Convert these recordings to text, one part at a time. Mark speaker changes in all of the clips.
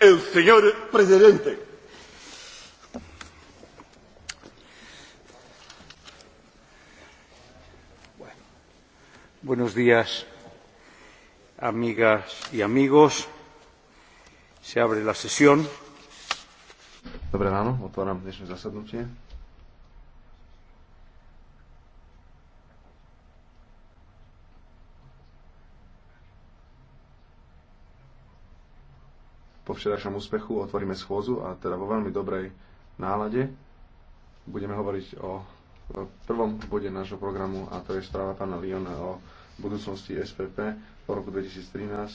Speaker 1: el señor presidente.
Speaker 2: Bueno, buenos días, amigas y amigos.
Speaker 1: Se abre la sesión. Dobré ráno, otváram dnešné zasadnutie. včerajšom úspechu otvoríme schôzu a teda vo veľmi dobrej nálade budeme hovoriť o prvom bode nášho programu a to je správa pána Liona o budúcnosti SPP po roku 2013.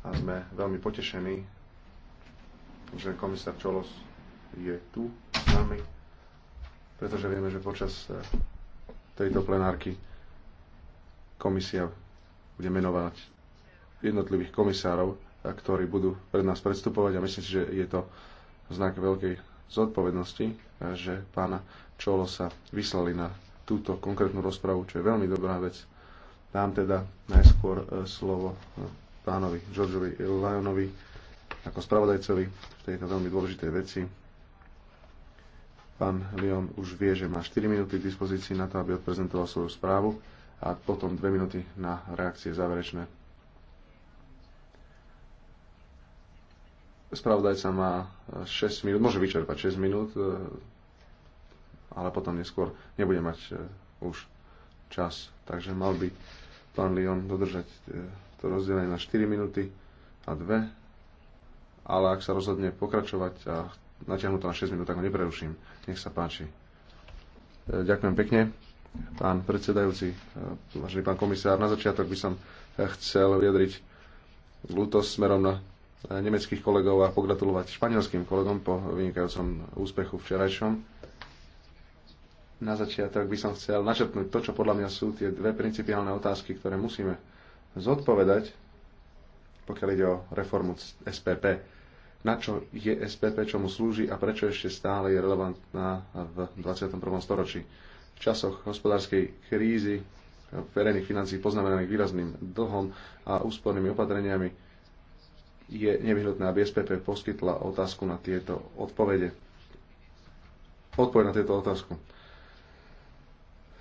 Speaker 1: A sme veľmi potešení, že komisár Čolos je tu s nami, pretože vieme, že počas eh, tejto plenárky komisia bude menovať jednotlivých komisárov, ktorí budú pred nás predstupovať a myslím si, že je to znak veľkej zodpovednosti, že pána Čolo sa vyslali na túto konkrétnu rozpravu, čo je veľmi dobrá vec. Dám teda najskôr e, slovo e, pánovi Georgeovi Lyonovi ako spravodajcovi v tejto veľmi dôležitej veci. Pán Lion už vie, že má 4 minúty k dispozícii na to, aby odprezentoval svoju správu a potom dve minúty na reakcie záverečné. Spravodajca má 6 e, minút, môže vyčerpať 6 minút, e, ale potom neskôr nebude mať e, už čas. Takže mal by pán Lyon dodržať to rozdelenie na 4 minúty a 2, ale ak sa rozhodne pokračovať a natiahnuť to na 6 minút, tak ho nepreruším. Nech sa páči. Ďakujem pekne. Pán predsedajúci, eh, vážený pán komisár, na začiatok by som eh, chcel vyjadriť ľútosť smerom na eh, nemeckých kolegov a pogratulovať španielským kolegom po vynikajúcom úspechu včerajšom. Na začiatok by som chcel načrtnúť to, čo podľa mňa sú tie dve principiálne otázky, ktoré musíme zodpovedať, pokiaľ ide o reformu SPP. Na čo je SPP, čomu slúži a prečo ešte stále je relevantná v 21. storočí časoch hospodárskej krízy verejných financí poznamenaných výrazným dlhom a úspornými opatreniami je nevyhnutné, aby SPP poskytla otázku na tieto odpovede. Odpoveď na tieto otázku.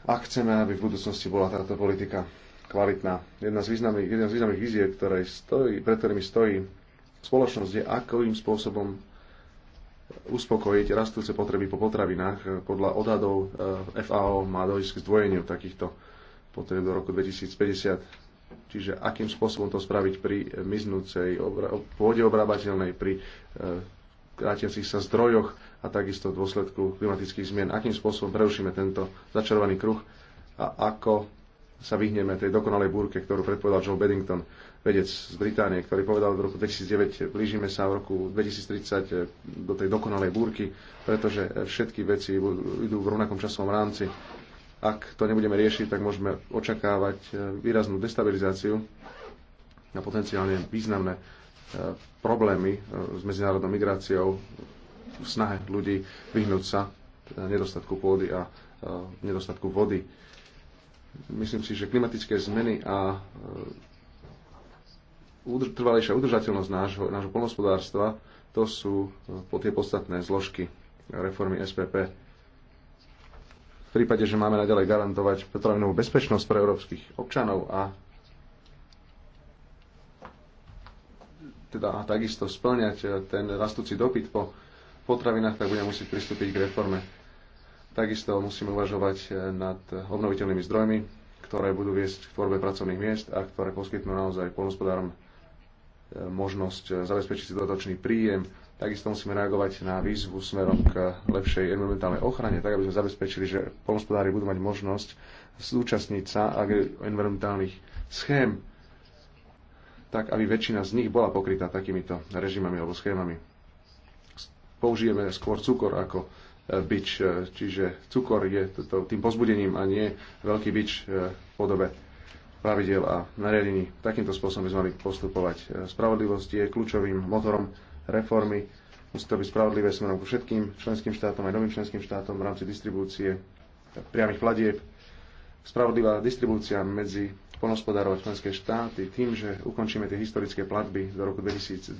Speaker 1: Ak chceme, aby v budúcnosti bola táto politika kvalitná, jedna z významných, jedna z významných vizie, stojí, pred ktorými stojí spoločnosť, je akým spôsobom uspokojiť rastúce potreby po potravinách. Podľa odhadov eh, FAO má dojsť k zdvojeniu takýchto potreb do roku 2050. Čiže akým spôsobom to spraviť pri miznúcej pôde obrábateľnej, pri eh, krátiacich sa zdrojoch a takisto v dôsledku klimatických zmien. Akým spôsobom prerušíme tento začarovaný kruh a ako sa vyhneme tej dokonalej búrke, ktorú predpovedal Joe Beddington vedec z Británie, ktorý povedal v roku 2009, blížime sa v roku 2030 eh, do tej dokonalej búrky, pretože eh, všetky veci idú v rovnakom časovom rámci. Ak to nebudeme riešiť, tak môžeme očakávať eh, výraznú destabilizáciu a potenciálne významné problémy s medzinárodnou migráciou v snahe ľudí vyhnúť sa nedostatku pôdy a nedostatku vody. Myslím si, že klimatické zmeny a trvalejšia udržateľnosť nášho, nášho polnospodárstva, to sú e, tie podstatné zložky reformy SPP. V prípade, že máme naďalej garantovať potravinovú bezpečnosť pre európskych občanov a teda a takisto splňať e, ten rastúci dopyt po potravinách, tak budeme musieť pristúpiť k reforme. Takisto musíme uvažovať e, nad obnoviteľnými zdrojmi, ktoré budú viesť k tvorbe pracovných miest a ktoré poskytnú naozaj polnospodárom možnosť eh, zabezpečiť si dodatočný príjem. Takisto musíme reagovať na výzvu smerom k lepšej environmentálnej ochrane, tak aby sme zabezpečili, že polnospodári budú mať možnosť zúčastniť sa environmentálnych schém, tak aby väčšina z nich bola pokrytá takýmito režimami alebo schémami. Použijeme skôr cukor ako eh, bič, eh, čiže cukor je tým pozbudením a nie veľký bič v podobe pravidel a nariadení. Takýmto spôsobom by sme mali postupovať. E, spravodlivosť je kľúčovým motorom reformy. Musí to byť spravodlivé smerom ku všetkým členským štátom aj novým členským štátom v rámci distribúcie priamých platieb. Spravodlivá distribúcia medzi ponospodárov a členské štáty tým, že ukončíme tie historické platby do roku 2020,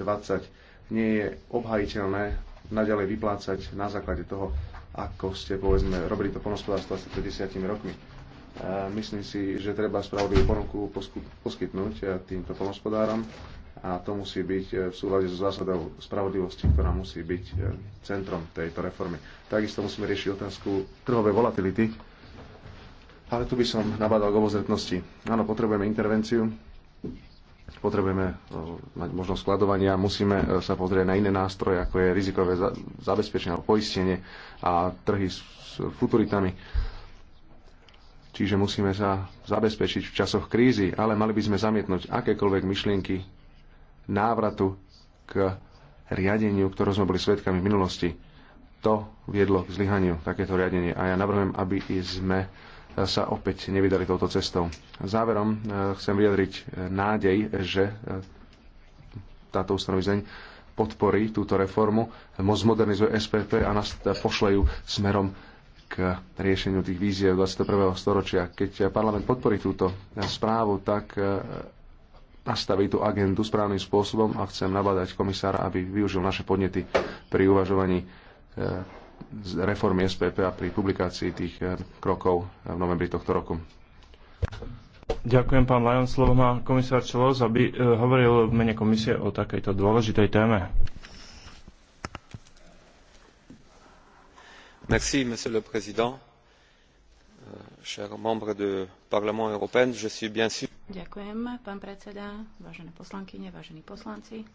Speaker 1: nie je obhajiteľné naďalej vyplácať na základe toho, ako ste povedzme robili to ponospodárstvo asi pred rokmi Myslím si, že treba spravodlivú ponuku poskytnúť e, týmto pomospodárom a to musí byť e, v súlade so zásadou spravodlivosti, ktorá musí byť e, centrom tejto reformy. Takisto musíme riešiť otázku trhovej volatility, ale tu by som nabádal k obozretnosti. Áno, potrebujeme intervenciu, potrebujeme mať možnosť skladovania, musíme sa pozrieť na iné nástroje, ako je rizikové zabezpečenie alebo poistenie a trhy s futuritami Čiže musíme sa zabezpečiť v časoch krízy, ale mali by sme zamietnúť akékoľvek myšlienky návratu k riadeniu, ktorého sme boli svetkami v minulosti. To viedlo k zlyhaniu takéto riadenie a ja navrhujem, aby sme sa opäť nevydali touto cestou. Záverom e, chcem vyjadriť e, nádej, že e, táto ustanovizeň podporí túto reformu, modernizuje SPP a nás pošlejú smerom k riešeniu tých víziev 21. storočia. Keď parlament podporí túto správu, tak e, nastaví tú agendu správnym spôsobom a chcem nabadať komisára, aby využil naše podnety pri uvažovaní e, reformy SPP a pri publikácii tých e, krokov v novembri tohto roku.
Speaker 2: Ďakujem, pán Lajon. Slovo má komisár Čelos, aby hovoril v mene komisie o takejto dôležitej téme. monsieur le président euh, chers membres du Parlement européen, je suis bien sûr.
Speaker 3: Ďakujem, pán predseda, vážené poslankyne, vážení poslanci.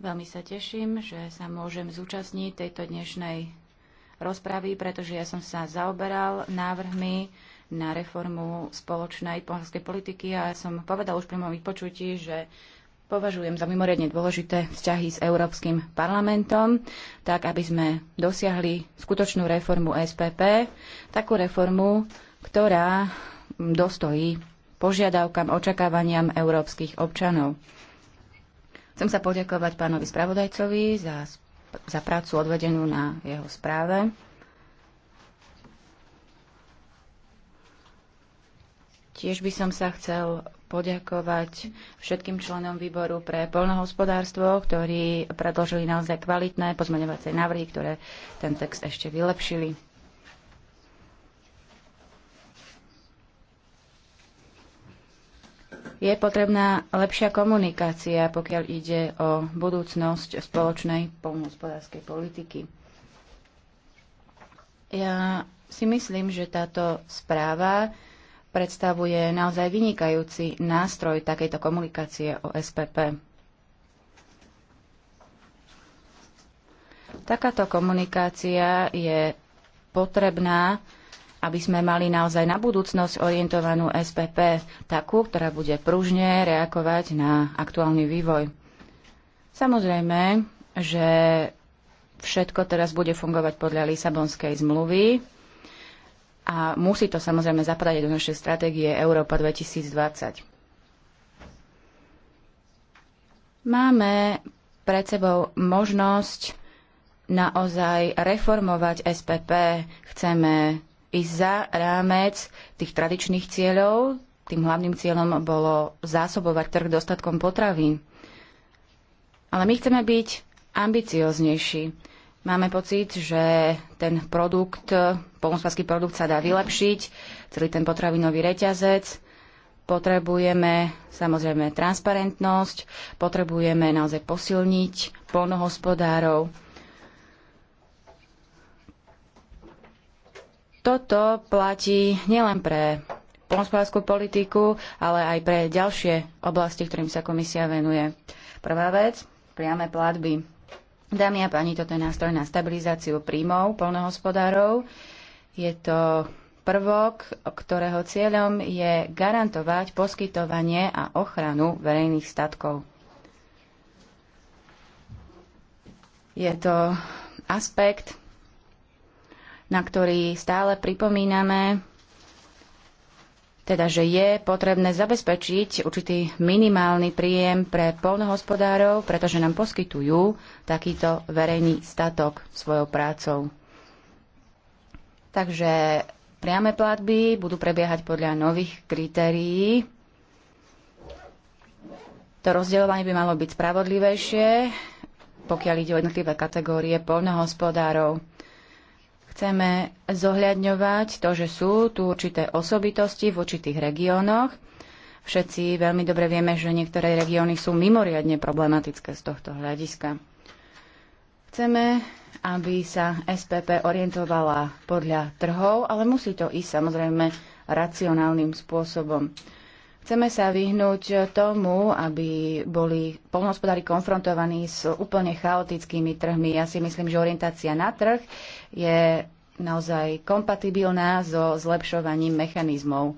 Speaker 3: Veľmi sa teším, že sa môžem zúčastniť tejto dnešnej rozpravy, pretože ja som sa zaoberal návrhmi na reformu spoločnej poľskej politiky a som povedal už pri mojom vypočutí, že považujem za mimoriadne dôležité vzťahy s Európskym parlamentom, tak aby sme dosiahli skutočnú reformu SPP, takú reformu, ktorá dostojí požiadavkám, očakávaniam európskych občanov. Chcem sa poďakovať pánovi spravodajcovi za, za prácu odvedenú na jeho správe. Tiež by som sa chcel poďakovať všetkým členom výboru pre polnohospodárstvo, ktorí predložili naozaj kvalitné pozmeňovacie návrhy, ktoré ten text ešte vylepšili. Je potrebná lepšia komunikácia, pokiaľ ide o budúcnosť spoločnej polnohospodárskej politiky. Ja si myslím, že táto správa predstavuje naozaj vynikajúci nástroj takejto komunikácie o SPP. Takáto komunikácia je potrebná, aby sme mali naozaj na budúcnosť orientovanú SPP, takú, ktorá bude pružne reagovať na aktuálny vývoj. Samozrejme, že všetko teraz bude fungovať podľa Lisabonskej zmluvy, a musí to samozrejme zapadať aj do našej stratégie Európa 2020. Máme pred sebou možnosť naozaj reformovať SPP. Chceme ísť za rámec tých tradičných cieľov. Tým hlavným cieľom bolo zásobovať trh dostatkom potravín. Ale my chceme byť ambicioznejší. Máme pocit, že ten produkt, polnospodársky produkt sa dá vylepšiť, celý ten potravinový reťazec. Potrebujeme samozrejme transparentnosť, potrebujeme naozaj posilniť polnohospodárov. Toto platí nielen pre polnospodárskú politiku, ale aj pre ďalšie oblasti, ktorým sa komisia venuje. Prvá vec, priame platby Dámy a páni, toto je nástroj na stabilizáciu príjmov polnohospodárov. Je to prvok, ktorého cieľom je garantovať poskytovanie a ochranu verejných statkov. Je to aspekt, na ktorý stále pripomíname teda že je potrebné zabezpečiť určitý minimálny príjem pre polnohospodárov, pretože nám poskytujú takýto verejný statok svojou prácou. Takže priame platby budú prebiehať podľa nových kritérií. To rozdeľovanie by malo byť spravodlivejšie, pokiaľ ide o jednotlivé kategórie polnohospodárov. Chceme zohľadňovať to, že sú tu určité osobitosti v určitých regiónoch. Všetci veľmi dobre vieme, že niektoré regióny sú mimoriadne problematické z tohto hľadiska. Chceme, aby sa SPP orientovala podľa trhov, ale musí to ísť samozrejme racionálnym spôsobom. Chceme sa vyhnúť tomu, aby boli polnohospodári konfrontovaní s úplne chaotickými trhmi. Ja si myslím, že orientácia na trh je naozaj kompatibilná so zlepšovaním mechanizmov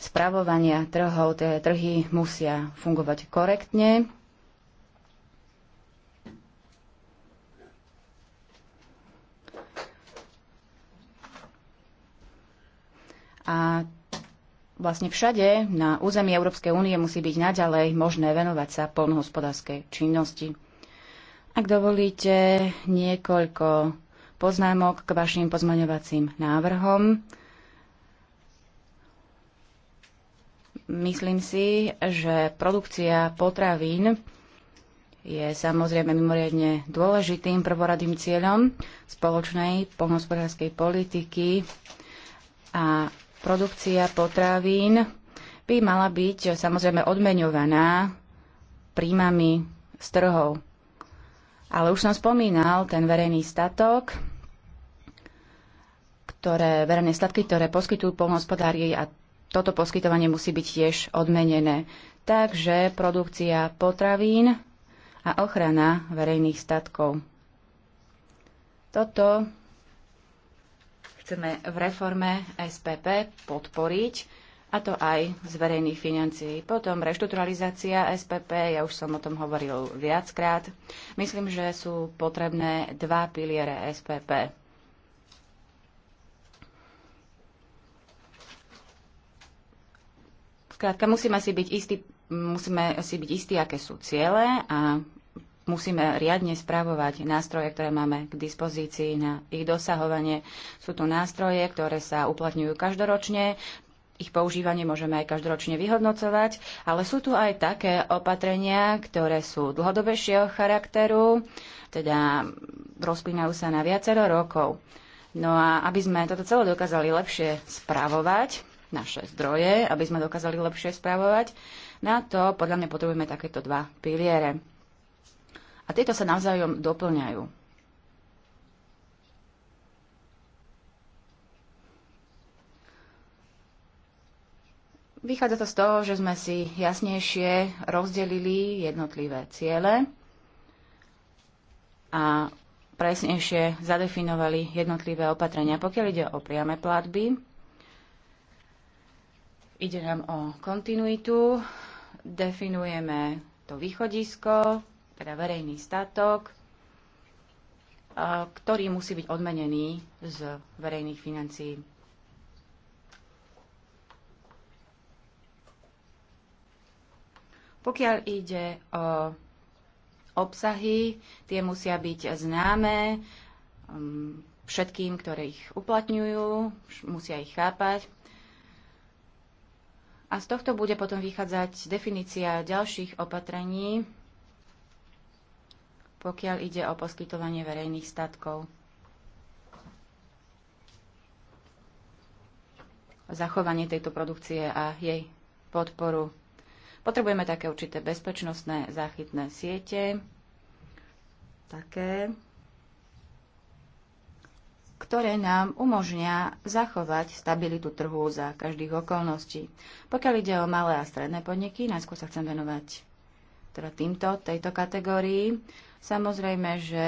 Speaker 3: spravovania trhov. Tie trhy musia fungovať korektne, a vlastne všade na území Európskej únie musí byť naďalej možné venovať sa polnohospodárskej činnosti. Ak dovolíte niekoľko poznámok k vašim pozmaňovacím návrhom, myslím si, že produkcia potravín je samozrejme mimoriadne dôležitým prvoradým cieľom spoločnej poľnohospodárskej politiky a Produkcia potravín by mala byť samozrejme odmeňovaná príjmami z trhov. Ale už som spomínal ten verejný statok, ktoré, verejné statky, ktoré poskytujú polnohospodári a toto poskytovanie musí byť tiež odmenené. Takže produkcia potravín a ochrana verejných statkov. Toto chceme v reforme SPP podporiť, a to aj z verejných financií. Potom reštrukturalizácia SPP, ja už som o tom hovoril viackrát. Myslím, že sú potrebné dva piliere SPP. Skrátka, musíme si byť istí, musíme si byť istí, aké sú ciele a musíme riadne spravovať nástroje, ktoré máme k dispozícii na ich dosahovanie. Sú to nástroje, ktoré sa uplatňujú každoročne, ich používanie môžeme aj každoročne vyhodnocovať, ale sú tu aj také opatrenia, ktoré sú dlhodobejšieho charakteru, teda rozpínajú sa na viacero rokov. No a aby sme toto celé dokázali lepšie spravovať, naše zdroje, aby sme dokázali lepšie spravovať, na to podľa mňa potrebujeme takéto dva piliere. A tieto sa navzájom doplňajú. Vychádza to z toho, že sme si jasnejšie rozdelili jednotlivé ciele a presnejšie zadefinovali jednotlivé opatrenia. Pokiaľ ide o priame platby, ide nám o kontinuitu, definujeme to východisko, teda verejný statok, ktorý musí byť odmenený z verejných financií. Pokiaľ ide o obsahy, tie musia byť známe um, všetkým, ktorí ich uplatňujú, musia ich chápať. A z tohto bude potom vychádzať definícia ďalších opatrení, pokiaľ ide o poskytovanie verejných statkov. Zachovanie tejto produkcie a jej podporu. Potrebujeme také určité bezpečnostné záchytné siete, také, ktoré nám umožňa zachovať stabilitu trhu za každých okolností. Pokiaľ ide o malé a stredné podniky, najskôr sa chcem venovať teda týmto, tejto kategórii. Samozrejme, že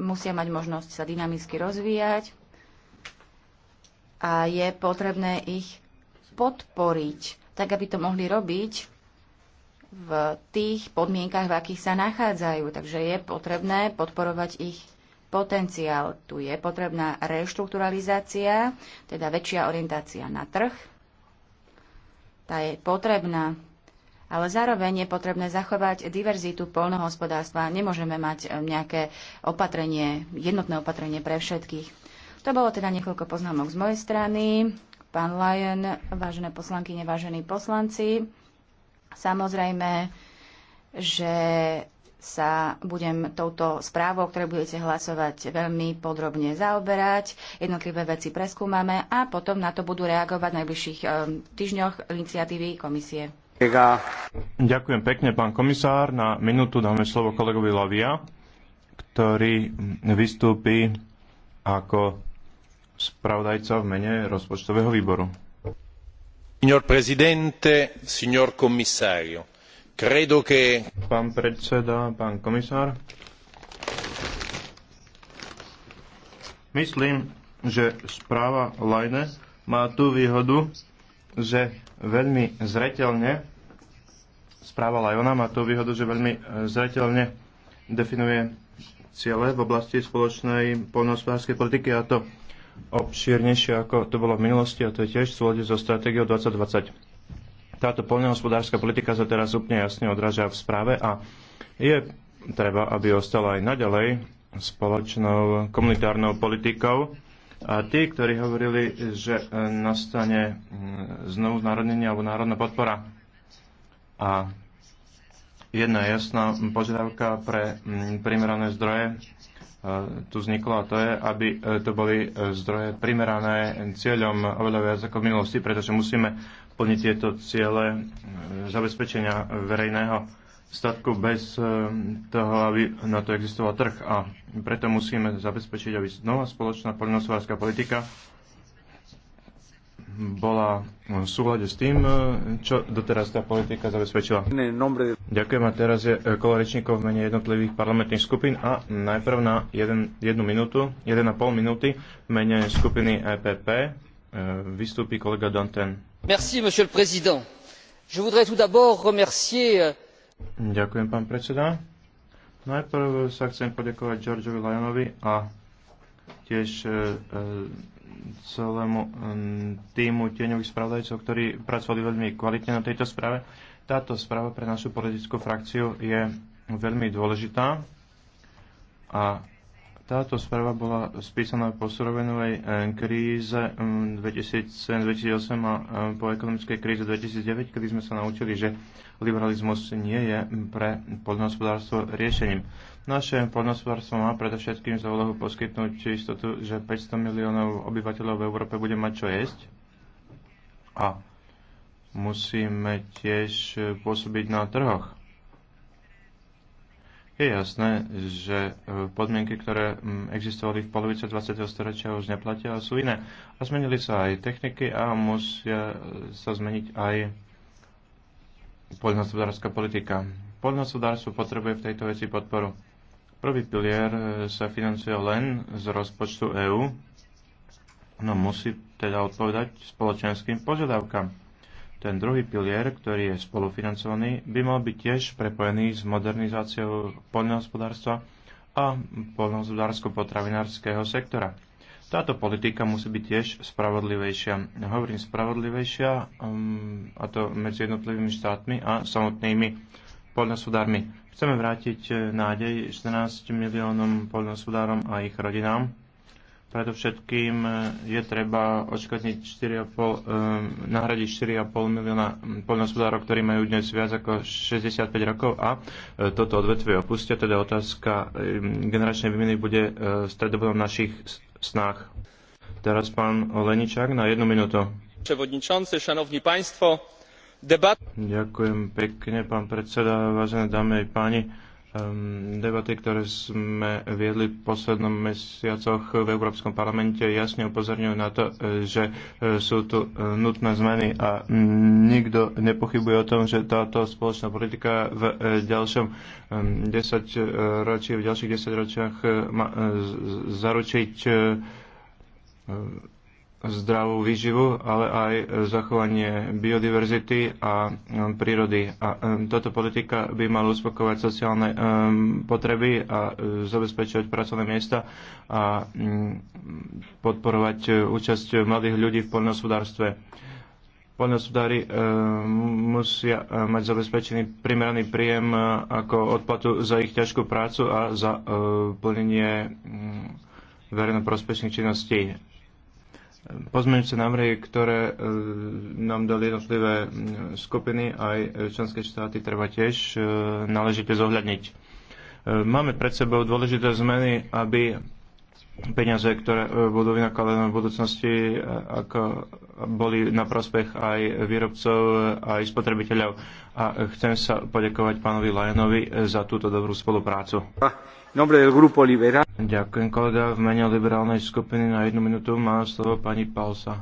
Speaker 3: musia mať možnosť sa dynamicky rozvíjať a je potrebné ich podporiť, tak aby to mohli robiť v tých podmienkach, v akých sa nachádzajú. Takže je potrebné podporovať ich potenciál. Tu je potrebná reštrukturalizácia, teda väčšia orientácia na trh. Tá je potrebná ale zároveň je potrebné zachovať diverzitu polnohospodárstva. Nemôžeme mať e, nejaké opatrenie, jednotné opatrenie pre všetkých. To bolo teda niekoľko poznámok z mojej strany. Pán Lajen, vážené poslanky, vážení poslanci, samozrejme, že sa budem touto správou, ktoré budete hlasovať, veľmi podrobne zaoberať. Jednotlivé veci preskúmame a potom na to budú reagovať v najbližších e, týždňoch iniciatívy komisie.
Speaker 2: Ďakujem pekne, pán komisár. Na minútu dáme slovo kolegovi Lavia, ktorý vystúpi ako spravodajca v mene rozpočtového výboru. Signor presidente, signor commissario, credo che... Pán predseda, pán komisár, myslím, že správa Lajne má tú výhodu, že veľmi zretelne správala aj ona. Má tú výhodu, že veľmi e, zretelne definuje ciele v oblasti spoločnej poľnohospodárskej politiky a to obšírnejšie, ako to bolo v minulosti a to je tiež v súlade so stratégiou 2020. Táto poľnohospodárska politika sa teraz úplne jasne odráža v správe a je treba, aby ostala aj naďalej spoločnou komunitárnou politikou. A tí, ktorí hovorili, že e, nastane mm, znovu znárodnenie alebo národná podpora a jedna jasná požiadavka pre mm, primerané zdroje e, tu vzniklo a to je, aby e, to boli e, zdroje primerané cieľom oveľa viac ako v minulosti, pretože musíme plniť tieto ciele zabezpečenia verejného statku bez toho, aby na to existoval trh a preto musíme zabezpečiť, aby nová spoločná poľnohospodárska politika bola v súhľade s tým, čo doteraz tá politika zabezpečila. Ďakujem a teraz je e, kolorečníkov v mene jednotlivých parlamentných skupín a najprv na jeden, jednu minútu, 1,5 minúty v mene skupiny EPP e, vystúpi kolega Danten.
Speaker 3: Merci, monsieur le président. Je voudrais tout d'abord remercier... E,
Speaker 2: Ďakujem, pán predseda. Najprv sa chcem poďakovať Georgeovi Lyonovi a tiež celému týmu tieňových spravodajcov, ktorí pracovali veľmi kvalitne na tejto správe. Táto správa pre našu politickú frakciu je veľmi dôležitá a táto správa bola spísaná po surovenovej kríze 2007-2008 a po ekonomickej kríze 2009, kedy sme sa naučili, že liberalizmus nie je pre poľnohospodárstvo riešením. Naše poľnospodárstvo má predovšetkým za úlohu poskytnúť istotu, že 500 miliónov obyvateľov v Európe bude mať čo jesť. A musíme tiež pôsobiť na trhoch. Je jasné, že e, podmienky, ktoré existovali v polovice 20. storočia, už neplatia a sú iné. A zmenili sa aj techniky a musia e, sa zmeniť aj poľnohospodárska politika. Poľnohospodárstvo potrebuje v tejto veci podporu. Prvý pilier e, sa financuje len z rozpočtu EÚ, no musí teda odpovedať spoločenským požiadavkám. Ten druhý pilier, ktorý je spolufinancovaný, by mal byť tiež prepojený s modernizáciou poľnohospodárstva a poľnohospodársko-potravinárskeho sektora. Táto politika musí byť tiež spravodlivejšia. Hovorím spravodlivejšia, um, a to medzi jednotlivými štátmi a samotnými poľnosudármi. Chceme vrátiť e, nádej 14 miliónom poľnosudárom a ich rodinám. Predovšetkým e, je treba odškodniť 4,5, e, nahradiť 4,5 milióna poľnosudárov, ktorí majú dnes viac ako 65 rokov a toto odvetvie opustia. Teda otázka generačnej výmeny bude stredobodom našich snách. Teraz pán Leničák na jednu minútu. Przewodniczący, Szanowni Państwo, Ďakujem pekne, pán predseda, vážené dámy a páni. Um, debaty, ktoré sme viedli v poslednom mesiacoch v Európskom parlamente, jasne upozorňujú na to, že e, sú tu e, nutné zmeny a nikto nepochybuje o tom, že táto spoločná politika v e, ďalšom 10 ehm, ročí, v ďalších 10 ročiach má zaručiť zdravú výživu, ale aj zachovanie biodiverzity a um, prírody. A um, táto politika by mala uspokovať sociálne um, potreby a uh, zabezpečovať pracovné miesta a podporovať uh, účasť mladých ľudí v poľnohospodárstve poľnohospodári uh, musia mať zabezpečený primeraný príjem ako odplatu za ich ťažkú prácu a za plnenie verejnoprospečných činností pozmeňujúce návrhy, ktoré e, nám dali jednotlivé skupiny aj členské štáty, treba tiež e, náležite zohľadniť. E, máme pred sebou dôležité zmeny, aby peniaze, ktoré e, budú vynakladané v budúcnosti, e, ako boli na prospech aj výrobcov, e, aj spotrebiteľov. A chcem sa poďakovať pánovi Lajanovi za túto dobrú spoluprácu. Ďakujem, kolega. V mene liberálnej skupiny na jednu minútu má
Speaker 1: slovo pani Palsa.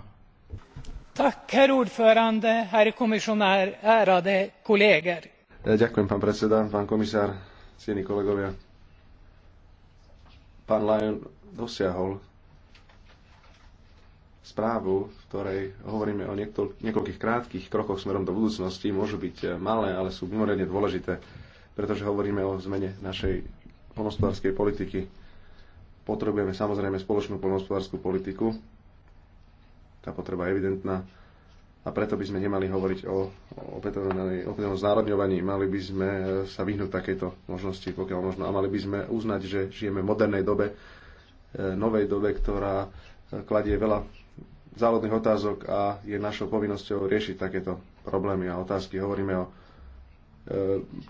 Speaker 1: Ďakujem, pán predseda, pán komisár, cieni kolegovia. Pán Lajon dosiahol správu, v ktorej hovoríme o niekoľkých krátkých krokoch smerom do budúcnosti, môžu byť eh, malé, ale sú mimoriadne dôležité, pretože hovoríme o zmene našej polnospodárskej politiky. Potrebujeme samozrejme spoločnú polnospodárskú politiku. Tá potreba je evidentná a preto by sme nemali hovoriť o opätovnom znárodňovaní. Mali by sme eh, sa vyhnúť takejto možnosti, pokiaľ možno, a mali by sme uznať, že žijeme v modernej dobe, E, novej dobe, ktorá e, kladie veľa závodných otázok a je našou povinnosťou riešiť takéto problémy a otázky. Hovoríme o e,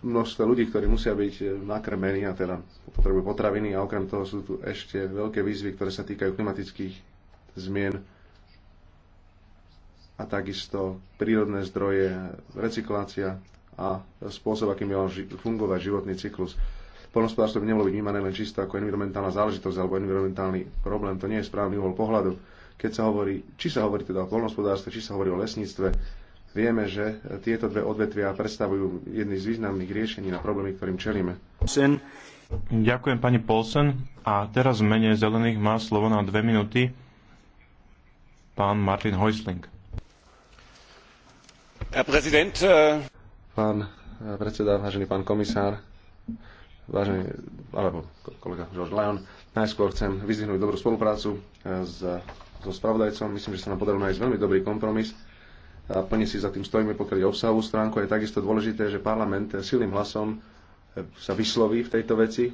Speaker 1: množstve ľudí, ktorí musia byť nakrmení a teda potrebujú potraviny a okrem toho sú tu ešte veľké výzvy, ktoré sa týkajú klimatických zmien a takisto prírodné zdroje, recyklácia a spôsob, akým je fungovať životný cyklus. Polnospodárstvo by nemalo byť vnímané len čisto ako environmentálna záležitosť alebo environmentálny problém. To nie je správny uhol pohľadu. Keď sa hovorí, či sa hovorí teda o poľnospodárstve, či sa hovorí o lesníctve, vieme, že tieto dve odvetvia predstavujú jedny z významných riešení na problémy, ktorým čelíme. Sen.
Speaker 2: Ďakujem pani Polsen. A teraz v mene zelených má slovo na dve minúty
Speaker 1: pán Martin Heusling. Herr Präsident. Äh, pán eh, predseda, vážený pán komisár, Vážený, alebo kolega George Lyon, najskôr chcem vyzdvihnúť dobrú spoluprácu e, s, so spravodajcom. Myslím, že sa nám podarilo nájsť veľmi dobrý kompromis a plne si za tým stojíme, pokiaľ je obsahovú stránku. Je takisto dôležité, že parlament silným hlasom e, sa vysloví v tejto veci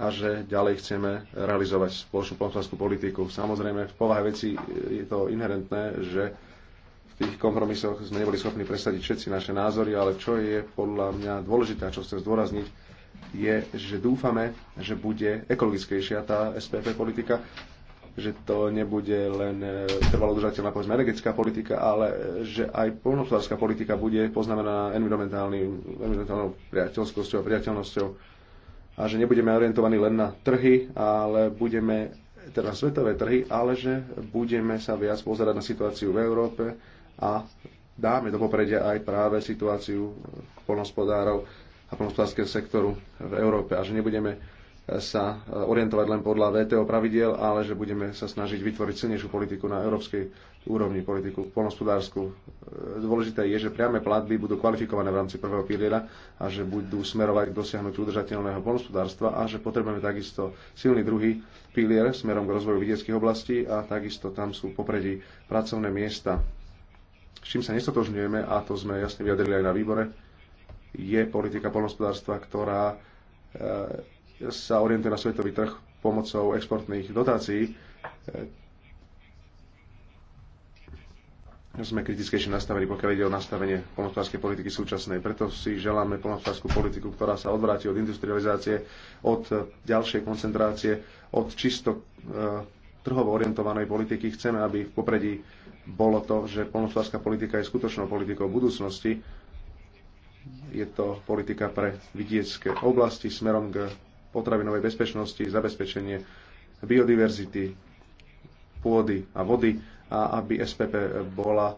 Speaker 1: a že ďalej chceme realizovať spoločnú polnospodárskú politiku. Samozrejme, v povahe veci je to inherentné, že tých kompromisoch sme neboli schopní presadiť všetci naše názory, ale čo je podľa mňa dôležité a čo chcem zdôrazniť, je, že dúfame, že bude ekologickejšia tá SPP politika, že to nebude len e, trvalo udržateľná povedzme energetická politika, ale e, že aj polnohospodárska politika bude poznamená environmentálnou priateľskosťou a priateľnosťou a že nebudeme orientovaní len na trhy, ale budeme teda svetové trhy, ale že budeme sa viac pozerať na situáciu v Európe, a dáme do popredia aj práve situáciu polnospodárov a polnospodárskeho sektoru v Európe a že nebudeme e, sa e, orientovať len podľa VTO pravidiel, ale že budeme sa snažiť vytvoriť silnejšiu politiku na európskej úrovni, politiku polnospodárskú. E, dôležité je, že priame platby budú kvalifikované v rámci prvého piliera a že budú smerovať k dosiahnutiu udržateľného polnospodárstva a že potrebujeme takisto silný druhý pilier smerom k rozvoju vidieckých oblastí a takisto tam sú popredí pracovné miesta s čím sa nestotožňujeme, a to sme jasne vyjadrili aj na výbore, je politika polnospodárstva, ktorá e, sa orientuje na svetový trh pomocou exportných dotácií. E, sme kritickejšie nastavení, pokiaľ ide o nastavenie polnospodárskej politiky súčasnej. Preto si želáme polnospodárskú politiku, ktorá sa odvráti od industrializácie, od ďalšej koncentrácie, od čisto e, trhovo orientovanej politiky. Chceme, aby v popredí bolo to, že polnospodárska politika je skutočnou politikou budúcnosti. Je to politika pre vidiecké oblasti smerom k potravinovej bezpečnosti, zabezpečenie biodiverzity, pôdy a vody a aby SPP bola e,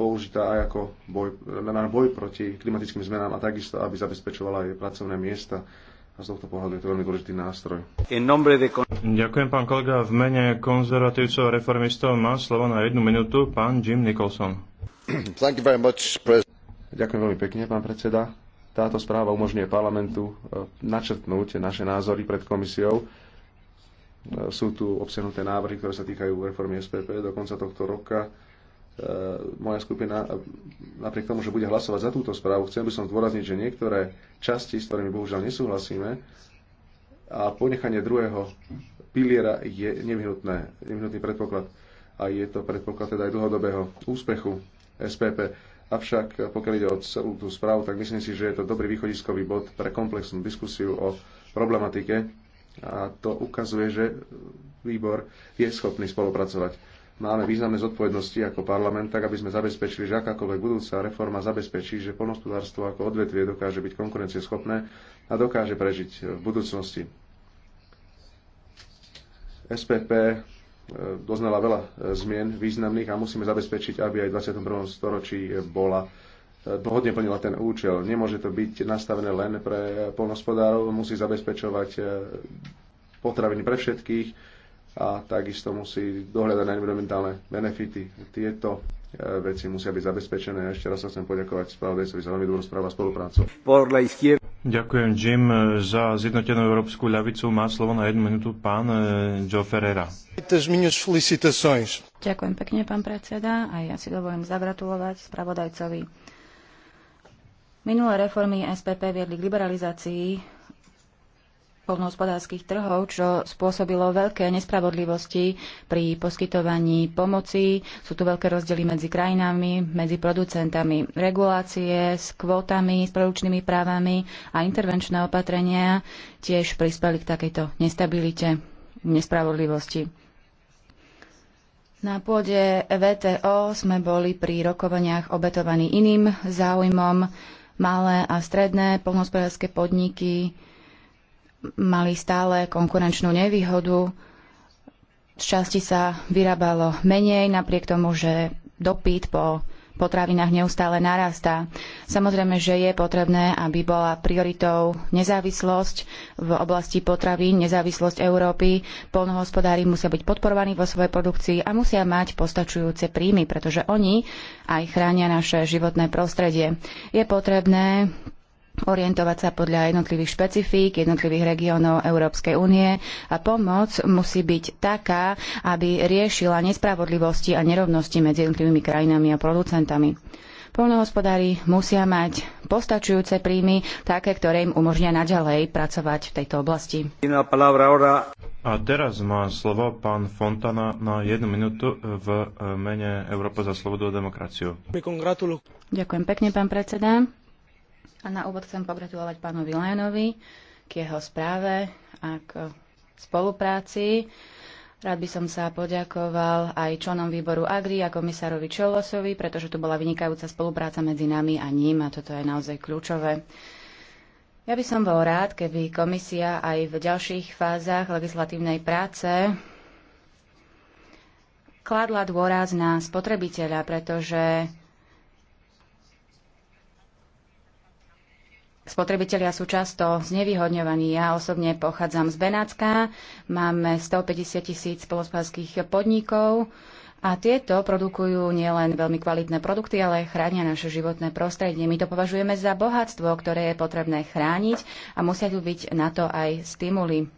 Speaker 1: použitá aj ako boj, na boj proti klimatickým zmenám a takisto, aby zabezpečovala aj pracovné miesta. A z tohto pohľadu je to veľmi dôležitý nástroj.
Speaker 2: Ďakujem, pán kolega. V mene konzervatívcov a reformistov má slovo na jednu minútu pán Jim Nicholson.
Speaker 1: Much, Ďakujem veľmi pekne, pán predseda. Táto správa umožňuje parlamentu e, načrtnúť naše názory pred komisiou. E, sú tu obsiahnuté návrhy, ktoré sa týkajú reformy SPP do konca tohto roka E, moja skupina, e, napriek tomu, že bude hlasovať za túto správu, chcel by som zdôrazniť, že niektoré časti, s ktorými bohužiaľ nesúhlasíme, a ponechanie druhého piliera je nevyhnutné, nevyhnutný predpoklad. A je to predpoklad teda aj dlhodobého úspechu SPP. Avšak e, pokiaľ ide o celú tú správu, tak myslím si, že je to dobrý východiskový bod pre komplexnú diskusiu o problematike a to ukazuje, že výbor je schopný spolupracovať máme významné zodpovednosti ako parlament, tak aby sme zabezpečili, že akákoľvek budúca reforma zabezpečí, že polnospodárstvo ako odvetvie dokáže byť konkurencieschopné a dokáže prežiť v budúcnosti. SPP e, doznala veľa e, zmien významných a musíme zabezpečiť, aby aj v 21. storočí bola dohodne e, plnila ten účel. Nemôže to byť nastavené len pre polnospodárov, musí zabezpečovať potraviny pre všetkých, a takisto musí dohľadať na environmentálne benefity. Tieto e, veci musia byť zabezpečené. A Ešte raz sa chcem poďakovať spravodajcovi za veľmi dobrú správu a spoluprácu.
Speaker 2: Ďakujem, Jim. E, za zjednotenú európsku ľavicu má slovo na jednu minútu pán e, Joe Ferreira.
Speaker 3: Ďakujem pekne, pán predseda, a ja si dovolím zagratulovať spravodajcovi. Minulé reformy SPP viedli k liberalizácii poľnohospodárskych trhov, čo spôsobilo veľké nespravodlivosti pri poskytovaní pomoci. Sú tu veľké rozdiely medzi krajinami, medzi producentami. Regulácie s kvótami, s produčnými právami a intervenčné opatrenia tiež prispeli k takejto nestabilite, nespravodlivosti. Na pôde VTO sme boli pri rokovaniach obetovaní iným záujmom. Malé a stredné poľnohospodárske podniky mali stále konkurenčnú nevýhodu. Z časti sa vyrábalo menej, napriek tomu, že dopyt po potravinách neustále narastá. Samozrejme, že je potrebné, aby bola prioritou nezávislosť v oblasti potravín, nezávislosť Európy. Polnohospodári musia byť podporovaní vo svojej produkcii a musia mať postačujúce príjmy, pretože oni aj chránia naše životné prostredie. Je potrebné orientovať sa podľa jednotlivých špecifík, jednotlivých regiónov Európskej únie a pomoc musí byť taká, aby riešila nespravodlivosti a nerovnosti medzi jednotlivými krajinami a producentami. Polnohospodári musia mať postačujúce príjmy, také, ktoré im umožnia naďalej pracovať v tejto oblasti.
Speaker 2: A teraz má slovo pán Fontana na jednu minútu v eh, mene Európa za slobodu a demokraciu.
Speaker 3: Ďakujem pekne, pán predseda. A na úvod chcem pogratulovať pánovi Lénovi k jeho správe a k spolupráci. Rád by som sa poďakoval aj členom výboru Agri a komisárovi Čelosovi, pretože tu bola vynikajúca spolupráca medzi nami a ním a toto je naozaj kľúčové. Ja by som bol rád, keby komisia aj v ďalších fázach legislatívnej práce kladla dôraz na spotrebiteľa, pretože Spotrebitelia sú často znevýhodňovaní. Ja osobne pochádzam z Benátska, máme 150 tisíc polospodárských podnikov a tieto produkujú nielen veľmi kvalitné produkty, ale chránia naše životné prostredie. My to považujeme za bohatstvo, ktoré je potrebné chrániť a musia tu byť na to aj stimuly.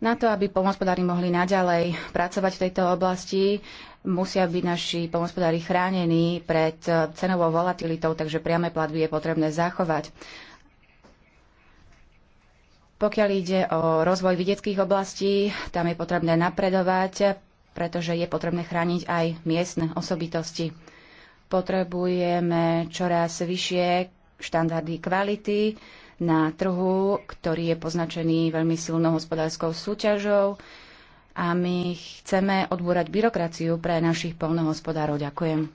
Speaker 3: Na to, aby polnospodári mohli naďalej pracovať v tejto oblasti, musia byť naši pomospodári chránení pred cenovou volatilitou, takže priame platby je potrebné zachovať. Pokiaľ ide o rozvoj vidieckých oblastí, tam je potrebné napredovať, pretože je potrebné chrániť aj miestne osobitosti. Potrebujeme čoraz vyššie štandardy kvality na trhu, ktorý je poznačený veľmi silnou hospodárskou súťažou, a my chceme odbúrať byrokraciu pre našich polnohospodárov. Ďakujem.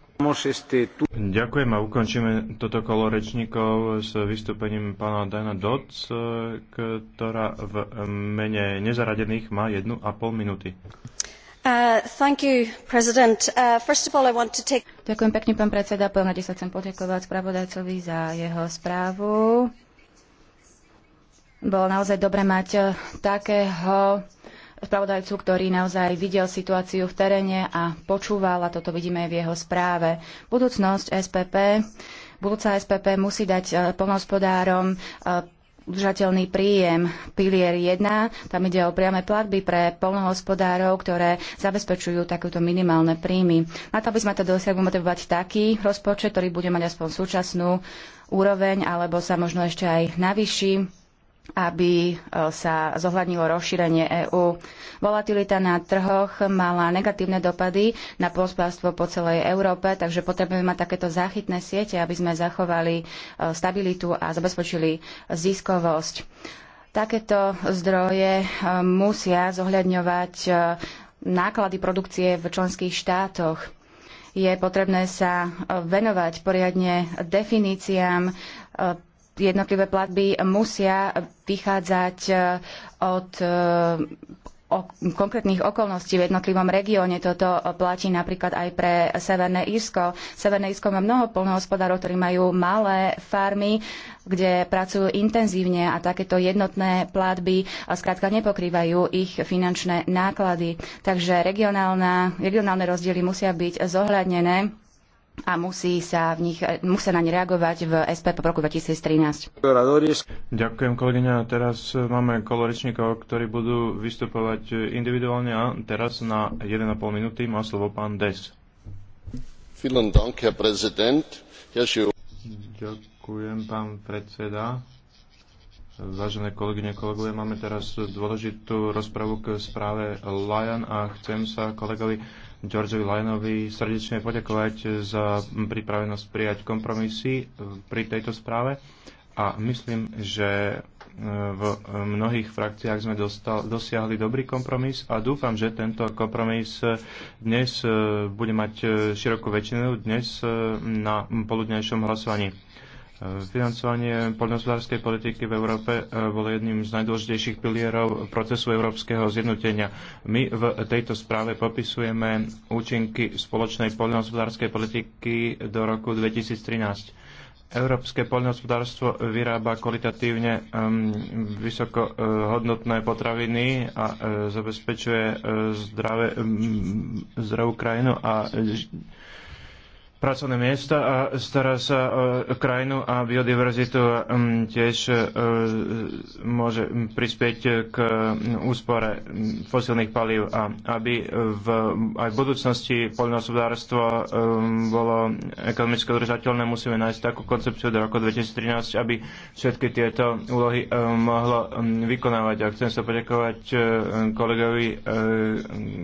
Speaker 2: Ďakujem a ukončíme toto kolo rečníkov s vystúpením pána Dana Dodds, ktorá v mene nezaradených má jednu a pol minúty.
Speaker 3: Uh, uh, Ďakujem pekne, pán predseda. Plne sa chcem poďakovať spravodajcovi za jeho správu. Bolo naozaj dobre mať uh, takého spravodajcu, ktorý naozaj videl situáciu v teréne a počúval, a toto vidíme aj v jeho správe. Budúcnosť SPP, budúca SPP musí dať e, polnohospodárom e, udržateľný príjem pilier 1. Tam ide o priame platby pre polnohospodárov, ktoré zabezpečujú takéto minimálne príjmy. Na to, aby sme to dosiahli, budeme potrebovať taký rozpočet, ktorý bude mať aspoň súčasnú úroveň, alebo sa možno ešte aj navýši aby e, sa zohľadnilo rozšírenie EÚ. Volatilita na trhoch mala negatívne dopady na pôsobstvo po celej Európe, takže potrebujeme mať takéto záchytné siete, aby sme zachovali e, stabilitu a zabezpečili ziskovosť. Takéto zdroje e, musia zohľadňovať náklady produkcie v členských štátoch. Je potrebné sa venovať poriadne definíciám jednotlivé platby musia vychádzať e, od e, o konkrétnych okolností v jednotlivom regióne. Toto platí napríklad aj pre Severné Írsko. Severné Írsko má mnoho polnohospodárov, ktorí majú malé farmy, kde pracujú intenzívne a takéto jednotné platby skrátka nepokrývajú ich finančné náklady. Takže regionálne rozdiely musia byť zohľadnené a musí sa, v nich, musia reagovať v SPP po roku 2013.
Speaker 2: Ďakujem kolegyňa. Teraz máme kolorečníkov, ktorí budú vystupovať individuálne a teraz na 1,5 minúty má slovo pán Des. Ďakujem, pán predseda. Vážené kolegyne, kolegovia, máme teraz dôležitú rozpravu k správe Lion a chcem sa kolegovi Georgeovi Lajnovi srdečne poďakovať za pripravenosť prijať kompromisy eh, pri tejto správe a myslím, že eh, v mnohých frakciách sme dostal, dosiahli dobrý kompromis a dúfam, že tento kompromis eh, dnes bude mať širokú väčšinu dnes na poludnejšom hlasovaní. Financovanie poľnohospodárskej politiky v Európe e, bolo jedným z najdôležitejších pilierov procesu európskeho zjednotenia. My v tejto správe popisujeme účinky spoločnej poľnohospodárskej politiky do roku 2013. Európske poľnohospodárstvo vyrába kvalitatívne um, uh, potraviny a uh, zabezpečuje uh, zdravé, um, zdravú krajinu a uh, pracovné miesta a stará sa o krajinu a biodiverzitu a mm, tiež e, môže prispieť k mm, úspore mm, fosilných palív a aby v, aj v budúcnosti poľnohospodárstvo e, bolo ekonomicky udržateľné, musíme nájsť takú koncepciu do roku 2013, aby všetky tieto úlohy e, mohlo vykonávať. A chcem sa poďakovať kolegovi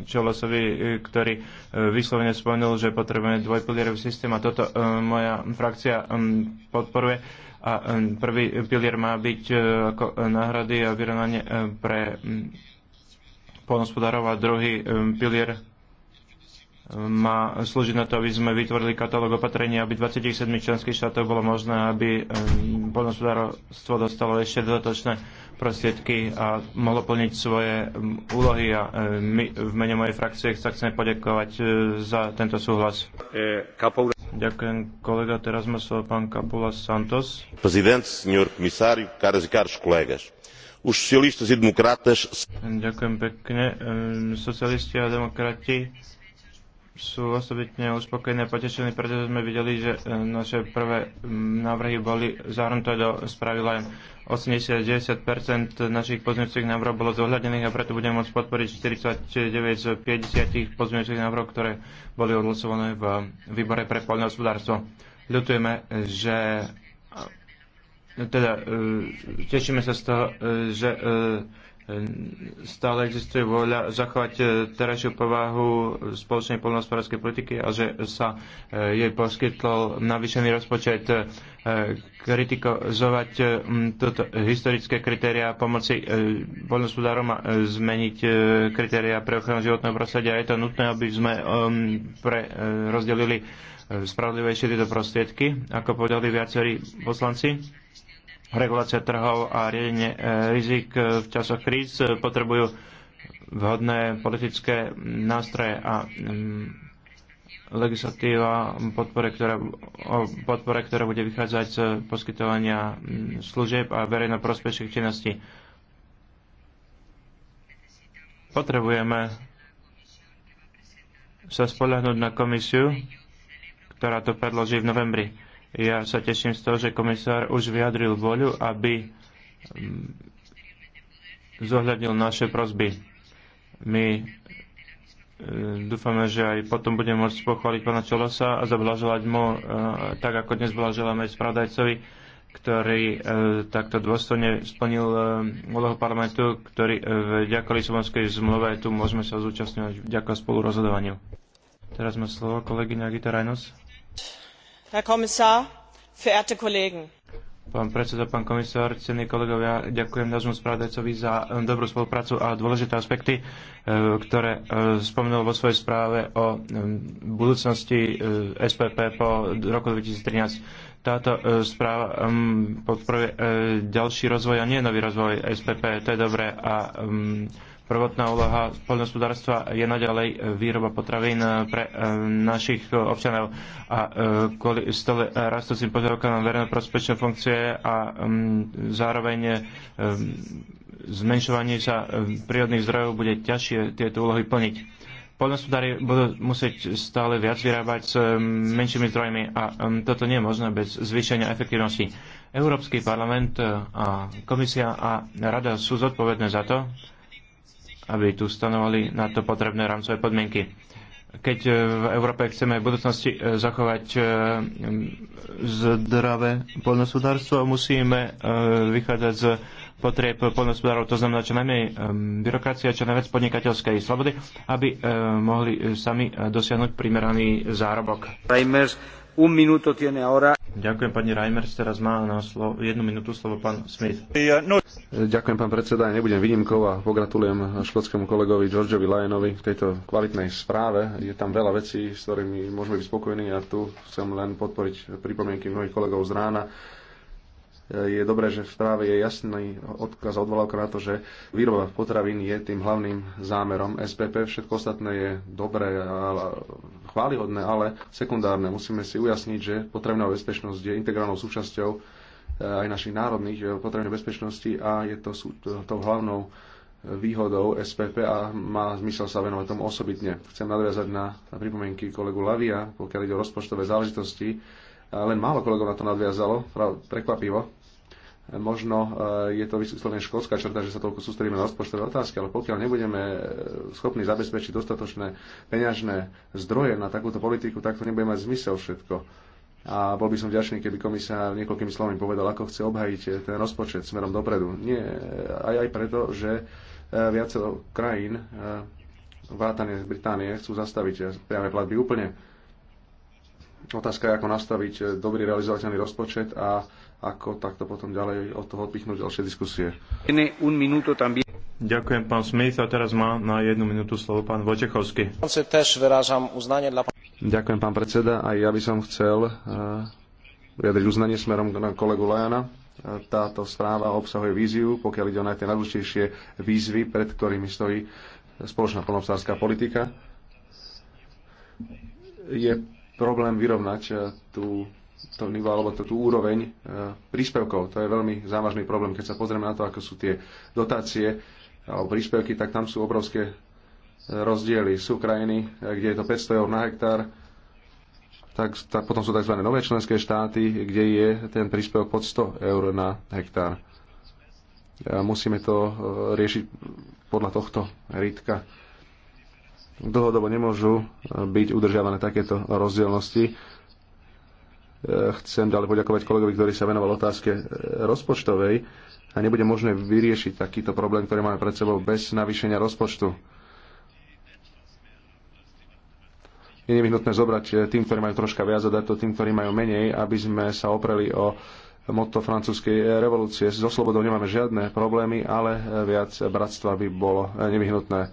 Speaker 2: Čolosovi, ktorý vyslovene spomenul, že potrebujeme dvojpilierový systém a toto e, moja frakcia e, podporuje. A e, prvý pilier má byť ako náhrady a vyrovnanie pre polnospodárov a druhý pilier má slúžiť na to, aby sme vytvorili katalóg opatrení, aby 27 členských štátov bolo možné, aby poľnospodárstvo dostalo ešte dodatočné prostriedky a mohlo plniť svoje úlohy a e, my v mene mojej frakcie sa chceme poďakovať e, za tento súhlas. Ďakujem kolega, teraz má slovo pán Kapula Santos. Prezident, senior komisário, caras e kolegaš. Už Os socialistas e democratas... Ďakujem pekne. Socialisti a demokrati sú osobitne uspokojené a potešení, pretože sme videli, že e, naše prvé návrhy boli zahrnuté do správy len 80-90% našich pozmeňujúcich návrhov bolo zohľadených a preto budeme môcť podporiť 49 z 50 pozmeňujúcich návrhov, ktoré boli odhlasované v výbore pre poľnohospodárstvo. Ľutujeme, že teda e, tešíme sa z toho, e, že Ehm, stále existuje vôľa zachovať e, terajšiu povahu spoločnej poľnohospodárskej politiky a že sa e, jej poskytol navýšený rozpočet e, kritikovať toto historické kritéria pomoci poľnohospodárom a zmeniť kritéria pre ochranu životného prostredia. Je to nutné, aby sme pre, rozdelili spravodlivejšie tieto prostriedky, ako povedali viacerí poslanci regulácia trhov a riadenie e, rizik e, v časoch kríz e, potrebujú vhodné politické nástroje a mm, legislatíva podpore, ktorá, o podpore, ktorá bude vychádzať z poskytovania mm, služieb a verejnoprospešných činností. Potrebujeme sa spolahnuť na komisiu, ktorá to predloží v novembri. Ja sa teším z toho, že komisár už vyjadril voľu, aby mm, zohľadnil naše prozby. My e, dúfame, že aj potom budeme môcť pochváliť pána Čolosa a zablažovať mu, e, tak ako dnes blaželáme spravodajcovi, ktorý e, takto dôstojne splnil úlohu parlamentu, ktorý v vďaka Slovenskej zmluve tu môžeme sa zúčastňovať vďaka spolurozhodovaniu. Teraz má slovo kolegyňa Rajnos
Speaker 3: herr kommissar verehrte kollegen!
Speaker 2: Pán predseda, pán komisár, cení kolegovia, ďakujem nášmu spravodajcovi za eh, dobrú spoluprácu a dôležité aspekty, eh, ktoré eh, spomenul vo svojej správe o budúcnosti SPP po roku 2013 táto správa mm, podporuje ďalší rozvoj a nie nový rozvoj SPP, to je dobré a mm, Prvotná úloha poľnohospodárstva je naďalej e, výroba potravín e, pre e, našich občanov a kvôli stále rastúcim požiadavkám verejné prospečné funkcie a zároveň zmenšovanie sa prírodných zdrojov bude ťažšie tieto úlohy plniť poľnohospodári budú musieť stále viac vyrábať s menšími zdrojmi a toto nie je možné bez zvýšenia efektivnosti. Európsky parlament a komisia a rada sú zodpovedné za to, aby tu stanovali na to potrebné rámcové podmienky keď e, v Európe chceme v budúcnosti e, zachovať e, zdravé poľnohospodárstvo, musíme vychádzať z potrieb poľnohospodárov, to znamená čo najmenej byrokracie a čo najviac podnikateľskej slobody, aby mohli sami dosiahnuť primeraný zárobok. Un minuto tiene ahora. Ďakujem pani Reimers, teraz má na jednu minútu slovo pán Smith.
Speaker 1: Ďakujem pán predseda, nebudem výnimkou a pogratulujem škótskému kolegovi Georgeovi Lyonovi k tejto kvalitnej správe. Je tam veľa vecí, s ktorými môžeme byť spokojní a tu chcem len podporiť pripomienky mnohých kolegov z rána je dobré, že v správe je jasný odkaz a odvolávka na to, že výroba potravín je tým hlavným zámerom SPP. Všetko ostatné je dobré a chválihodné, ale sekundárne. Musíme si ujasniť, že potravinová bezpečnosť je integrálnou súčasťou eh, aj našich národných eh, potravinovej bezpečnosti a je to tou hlavnou výhodou SPP a má zmysel sa venovať tomu osobitne. Chcem nadviazať na, na pripomienky kolegu Lavia, pokiaľ ide o rozpočtové záležitosti len málo kolegov na to nadviazalo, prekvapivo. Možno e, je to vyslovene školská črta, že sa toľko sústredíme na rozpočtové otázky, ale pokiaľ nebudeme e, schopní zabezpečiť dostatočné peňažné zdroje na takúto politiku, tak to nebude mať zmysel všetko. A bol by som vďačný, keby komisár niekoľkými slovami povedal, ako chce obhajiť e, ten rozpočet smerom dopredu. Nie, aj, aj preto, že viacero krajín, vrátane Británie, chcú zastaviť priame platby úplne Otázka je, ako nastaviť eh, dobrý realizovateľný rozpočet a ako takto potom ďalej od toho odpichnúť ďalšie diskusie.
Speaker 2: Ďakujem, pán Smith. A teraz má na jednu minútu slovo pán Vočechovský.
Speaker 1: Ďakujem, pán predseda. Aj ja by som chcel eh, vyjadriť uznanie smerom na kolegu Lajana. Eh, táto správa obsahuje víziu, pokiaľ ide o naj najdôležitejšie výzvy, pred ktorými stojí spoločná polnohospodárska politika. Je problém vyrovnať e, tú, to nivo alebo to, tú úroveň e, príspevkov. To je veľmi závažný problém. Keď sa pozrieme na to, ako sú tie dotácie alebo príspevky, tak tam sú obrovské e, rozdiely. Sú krajiny, kde je to 500 eur na hektár, tak, tak potom sú tzv. nové členské štáty, kde je ten príspevok pod 100 eur na hektár. Musíme to riešiť podľa tohto rytka dlhodobo nemôžu e, byť udržiavané takéto rozdielnosti. E, chcem ďalej poďakovať kolegovi, ktorý sa venoval otázke e, rozpočtovej a nebude možné vyriešiť takýto problém, ktorý máme pred sebou bez navýšenia rozpočtu. Je nevyhnutné zobrať tým, ktorí majú troška viac a dať to tým, ktorí majú menej, aby sme sa opreli o motto francúzskej revolúcie. So slobodou nemáme žiadne problémy, ale viac bratstva by bolo nevyhnutné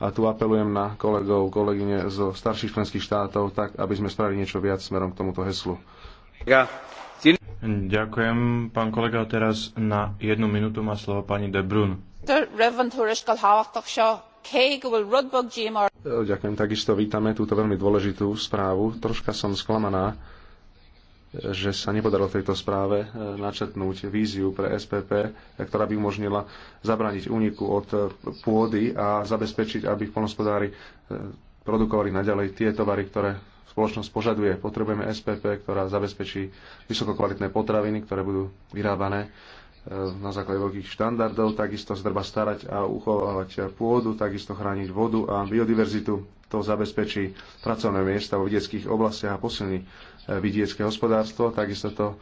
Speaker 1: a tu apelujem na kolegov, kolegyne zo starších členských štátov, tak aby sme spravili niečo viac smerom k tomuto heslu.
Speaker 2: Ja. Ďakujem, pán kolega. Teraz na jednu minútu má
Speaker 1: slovo pani De Brun. Ďakujem, takisto vítame túto veľmi dôležitú správu. Troška som sklamaná, že sa nepodarilo v tejto správe e, načetnúť víziu pre SPP, e, ktorá by umožnila zabrániť úniku od e, pôdy a zabezpečiť, aby polnospodári produkovali naďalej tie tovary, ktoré spoločnosť požaduje. Potrebujeme SPP, ktorá zabezpečí vysokokvalitné potraviny, ktoré budú vyrábané na základe veľkých štandardov, takisto treba starať a uchovávať pôdu, takisto chrániť vodu a biodiverzitu. To zabezpečí pracovné miesta vo vedeckých oblastiach a posilní E, vidiecké hospodárstvo, takisto to e,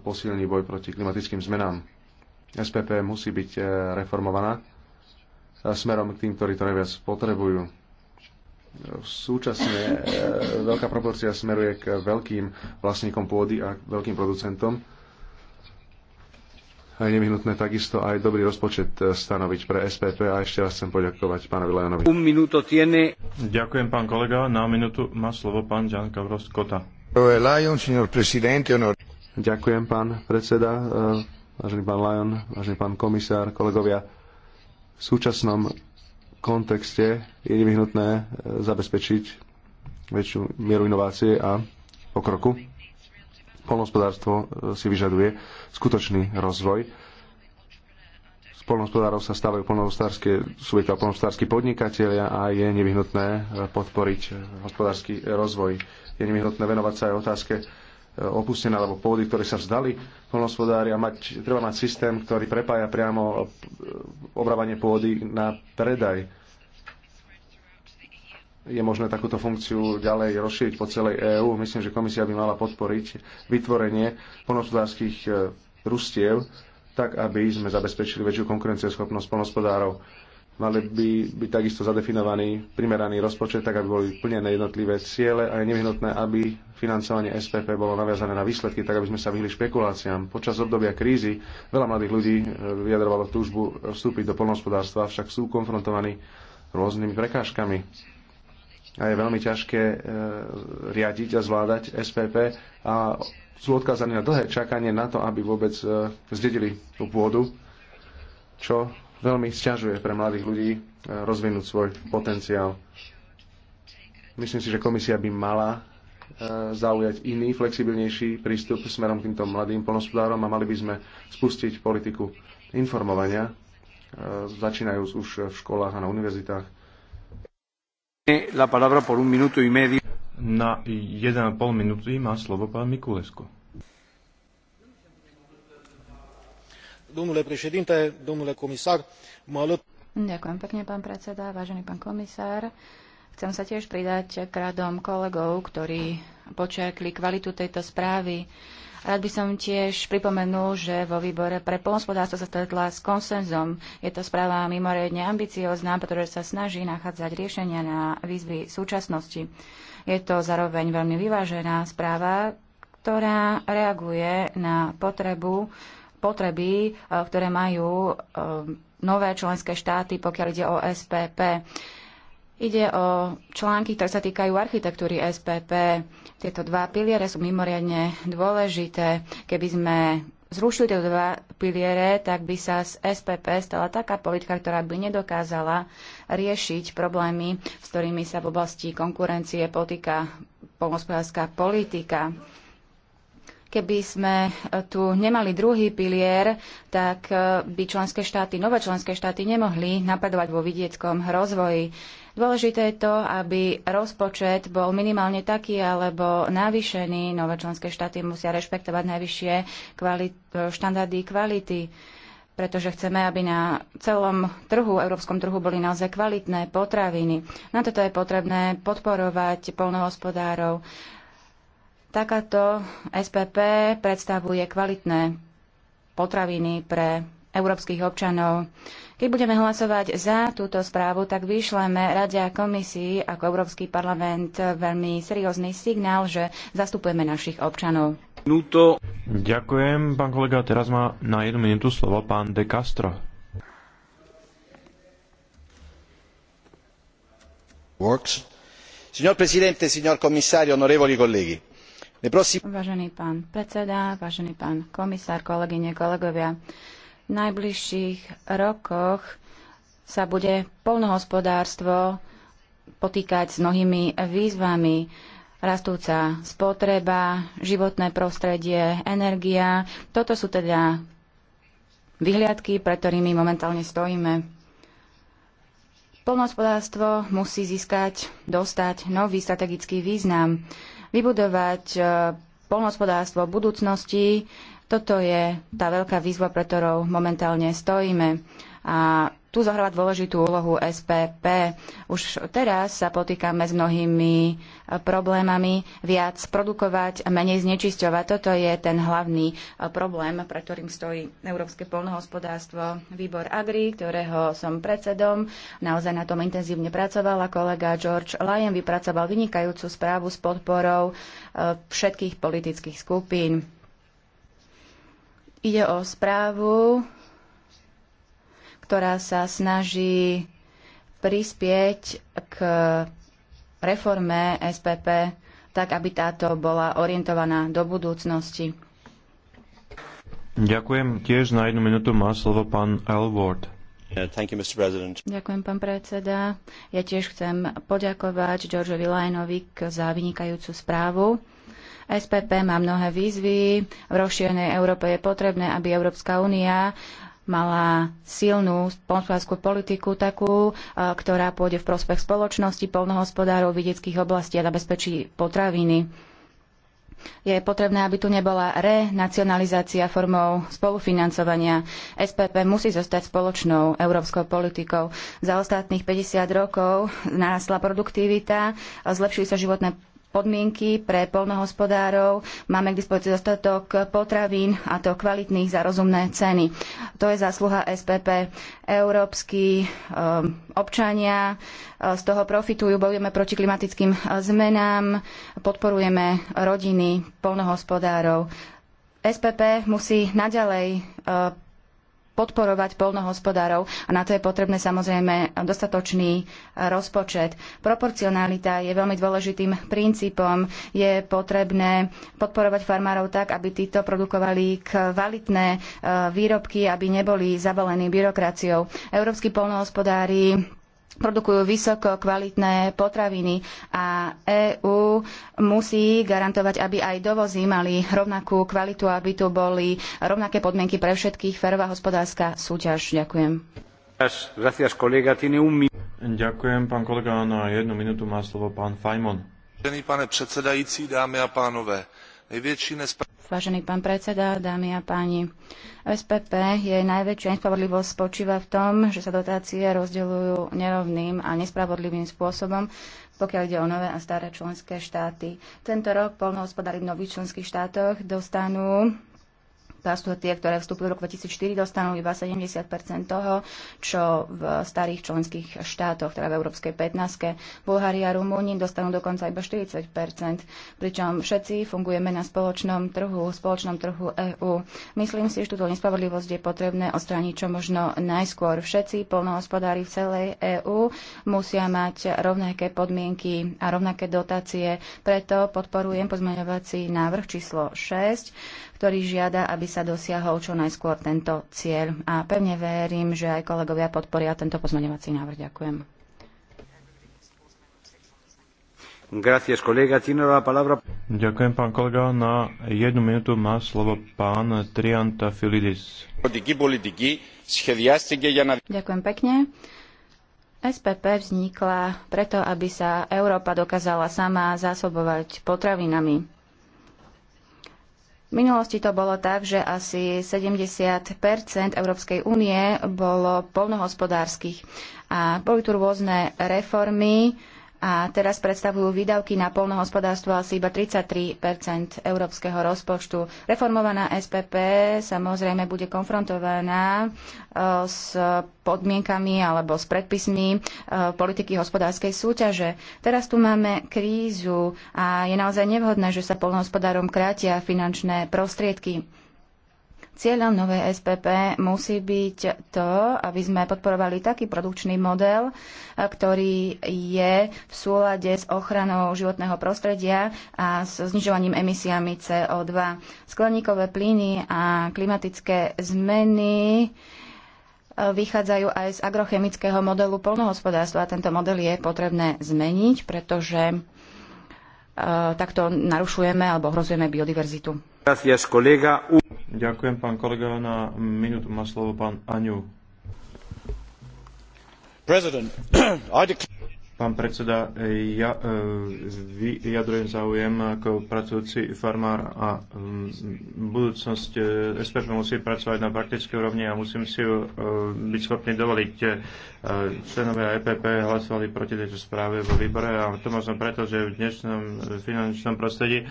Speaker 1: posilní boj proti klimatickým zmenám. SPP musí byť e, reformovaná smerom k tým, ktorí to najviac potrebujú. Súčasne veľká proporcia smeruje k veľkým vlastníkom pôdy a veľkým producentom. A je nevyhnutné takisto aj dobrý rozpočet stanoviť pre SPP a ešte raz chcem poďakovať pánovi Lejanovi.
Speaker 2: Ďakujem, pán kolega. Na minútu má slovo pán Jan Kavros Kota.
Speaker 1: Ďakujem, pán predseda, eh, vážený pán Lajon, vážený pán komisár, kolegovia. V súčasnom kontexte je nevyhnutné eh, zabezpečiť väčšiu mieru inovácie a pokroku. Polnospodárstvo eh, si vyžaduje skutočný rozvoj polnohospodárov sa stávajú polnohospodárske subjekty a polnohospodárski podnikatelia a je nevyhnutné e, podporiť e, hospodársky e, rozvoj. Je nevyhnutné venovať sa aj otázke opustené alebo pôdy, ktoré sa vzdali polnohospodári a mať, treba mať systém, ktorý prepája priamo obrávanie pôdy na predaj. Je možné takúto funkciu ďalej rozšíriť po celej EÚ. Myslím, že komisia by mala podporiť vytvorenie polnohospodárskych družstiev, tak aby sme zabezpečili väčšiu konkurencieschopnosť polnospodárov. Mali by byť takisto zadefinovaný primeraný rozpočet, tak aby boli plnené jednotlivé ciele a je nevyhnutné, aby financovanie SPP bolo naviazané na výsledky, tak aby sme sa vyhli špekuláciám. Počas obdobia krízy veľa mladých ľudí e, vyjadrovalo túžbu vstúpiť do polnospodárstva, však sú konfrontovaní rôznymi prekážkami. A je veľmi ťažké e, riadiť a zvládať SPP a sú odkázaní na dlhé čakanie na to, aby vôbec e, zdedili tú pôdu, čo veľmi sťažuje pre mladých ľudí e, rozvinúť svoj potenciál. Myslím si, že komisia by mala e, zaujať iný, flexibilnejší prístup smerom k týmto mladým polnospodárom a mali by sme spustiť politiku informovania, začínajúc už v školách a na univerzitách. La palabra por un minuto y medio. Na 1,5 minúty má slovo pán Mikulesko.
Speaker 2: Domnule președinte, domnule comisar, mă alăt...
Speaker 3: Ďakujem pekne, pán predseda, vážený pán komisár. Chcem sa tiež pridať k radom kolegov, ktorí počerkli kvalitu tejto správy. Rád by som tiež pripomenul, že vo výbore pre polnospodárstvo sa stretla s konsenzom. Je to správa mimoriadne ambiciozná, pretože sa snaží nachádzať riešenia na výzvy súčasnosti. Je to zároveň veľmi vyvážená správa, ktorá reaguje na potrebu, potreby, e, ktoré majú e, nové členské štáty, pokiaľ ide o SPP. Ide o články, ktoré sa týkajú architektúry SPP. Tieto dva piliere sú mimoriadne dôležité. Keby sme zrušili tieto dva piliere, tak by sa z SPP stala taká politika, ktorá by nedokázala riešiť problémy, s ktorými sa v oblasti konkurencie potýka polnospodárska politika. Keby sme e, tu nemali druhý pilier, tak e, by členské štáty, nové členské štáty nemohli napadovať vo vidieckom rozvoji. Dôležité je to, aby rozpočet bol minimálne taký alebo navýšený. Nové členské štáty musia rešpektovať najvyššie kvalit- e, štandardy kvality pretože chceme, aby na celom trhu, európskom trhu, boli naozaj kvalitné potraviny. Na toto je potrebné podporovať polnohospodárov. Takáto SPP predstavuje kvalitné potraviny pre európskych občanov. Keď budeme hlasovať za túto správu, tak vyšleme Rade a komisii ako Európsky parlament veľmi seriózny signál, že zastupujeme našich občanov.
Speaker 2: Nuto. Ďakujem, pán kolega. Teraz má na jednu minútu slovo pán De Castro.
Speaker 3: Works. Signor Presidente, signor Commissario, onorevoli colleghi. Vážený pán predseda, vážený pán komisár, kolegyne, kolegovia, v najbližších rokoch sa bude polnohospodárstvo potýkať s mnohými výzvami rastúca spotreba, životné prostredie, energia. Toto sú teda vyhliadky, pre ktorými momentálne stojíme. Polnohospodárstvo musí získať, dostať nový strategický význam, vybudovať e, polnohospodárstvo budúcnosti. Toto je tá veľká výzva, pre ktorou momentálne stojíme. A tu zohráva dôležitú úlohu SPP. Už teraz sa potýkame s mnohými eh, problémami. Viac produkovať, menej znečisťovať. Toto je ten hlavný eh, problém, pre ktorým stojí Európske polnohospodárstvo. Výbor Agri, ktorého som predsedom, naozaj na tom intenzívne pracovala. Kolega George Lyon vypracoval vynikajúcu správu s podporou eh, všetkých politických skupín. Ide o správu, ktorá sa snaží prispieť k reforme SPP tak, aby táto bola orientovaná do budúcnosti.
Speaker 2: Ďakujem. Tiež na jednu minútu má slovo pán Elward. you,
Speaker 3: Ďakujem, pán predseda. Ja tiež chcem poďakovať Georgeovi Lajnovi za vynikajúcu správu. SPP má mnohé výzvy. V rozšírenej Európe je potrebné, aby Európska únia mala silnú sponsorskú politiku takú, e, ktorá pôjde v prospech spoločnosti, polnohospodárov, vidieckých oblastí a zabezpečí potraviny. Je potrebné, aby tu nebola renacionalizácia formou spolufinancovania. SPP musí zostať spoločnou európskou politikou. Za ostatných 50 rokov narastla produktivita, zlepšili sa životné podmienky pre polnohospodárov, máme k dispozícii dostatok potravín a to kvalitných za rozumné ceny. To je zásluha SPP. Európsky eh, občania eh, z toho profitujú, bojujeme proti klimatickým eh, zmenám, podporujeme rodiny polnohospodárov. SPP musí naďalej podporovať polnohospodárov a na to je potrebné samozrejme dostatočný e, rozpočet. Proporcionalita je veľmi dôležitým princípom. Je potrebné podporovať farmárov tak, aby títo produkovali kvalitné e, výrobky, aby neboli zabalení byrokraciou. Európsky polnohospodári produkujú vysoko kvalitné potraviny a EÚ musí garantovať, aby aj dovozy mali rovnakú kvalitu, aby tu boli rovnaké podmienky pre všetkých, Ferová hospodárska súťaž. Ďakujem.
Speaker 2: Ďakujem, pán kolega. Na jednu minútu má slovo pán Fajmon.
Speaker 1: Vážený pane predsedajúci, dámy a pánové,
Speaker 3: Vážený pán predseda, dámy a páni, SPP je najväčšia nespravodlivosť spočíva v tom, že sa dotácie rozdeľujú nerovným a nespravodlivým spôsobom, pokiaľ ide o nové a staré členské štáty. Tento rok polnohospodári v nových členských štátoch dostanú Plastu tie, ktoré vstúpili v roku 2004, dostanú iba 70 toho, čo v starých členských štátoch, teda v Európskej 15. Bulhária a Rumúni dostanú dokonca iba 40 pričom všetci fungujeme na spoločnom trhu, spoločnom trhu EÚ. Myslím si, že túto nespravodlivosť je potrebné odstrániť čo možno najskôr. Všetci polnohospodári v celej EÚ musia mať rovnaké podmienky a rovnaké dotácie. Preto podporujem pozmeňovací návrh číslo 6, ktorý žiada, aby sa dosiahol čo najskôr tento cieľ. A pevne verím, že aj kolegovia podporia tento pozmeňovací návrh. Ďakujem.
Speaker 2: Gracias, kolega. palabra... Ďakujem, pán kolega. Na jednu minútu má slovo pán Trianta Filidis.
Speaker 3: Ďakujem pekne. SPP vznikla preto, aby sa Európa dokázala sama zásobovať potravinami. V minulosti to bolo tak, že asi 70 Európskej únie bolo polnohospodárskych. A boli tu rôzne reformy, a teraz predstavujú výdavky na polnohospodárstvo asi iba 33 európskeho rozpočtu. Reformovaná SPP samozrejme bude konfrontovaná e, s podmienkami alebo s predpismi e, politiky hospodárskej súťaže. Teraz tu máme krízu a je naozaj nevhodné, že sa polnohospodárom krátia finančné prostriedky. Cieľom novej SPP musí byť to, aby sme podporovali taký produkčný model, eh, ktorý je v súlade s ochranou životného prostredia a s znižovaním emisiami CO2. Skleníkové plyny a klimatické zmeny eh, vychádzajú aj z agrochemického modelu polnohospodárstva a tento model je potrebné zmeniť, pretože eh, takto narušujeme alebo ohrozujeme biodiverzitu.
Speaker 2: Gracias, kolega. Ďakujem, pán kolega. Na minútu má slovo pán Aňu. President, I declare... Pán predseda, eh, ja eh, vyjadrujem záujem ako pracujúci farmár a mm, budúcnosť SPP eh, musí pracovať na praktické úrovni a musím si ju byť schopný dovoliť. Členovia EPP hlasovali proti tejto správe vo výbore a to možno preto, že v dnešnom finančnom prostredí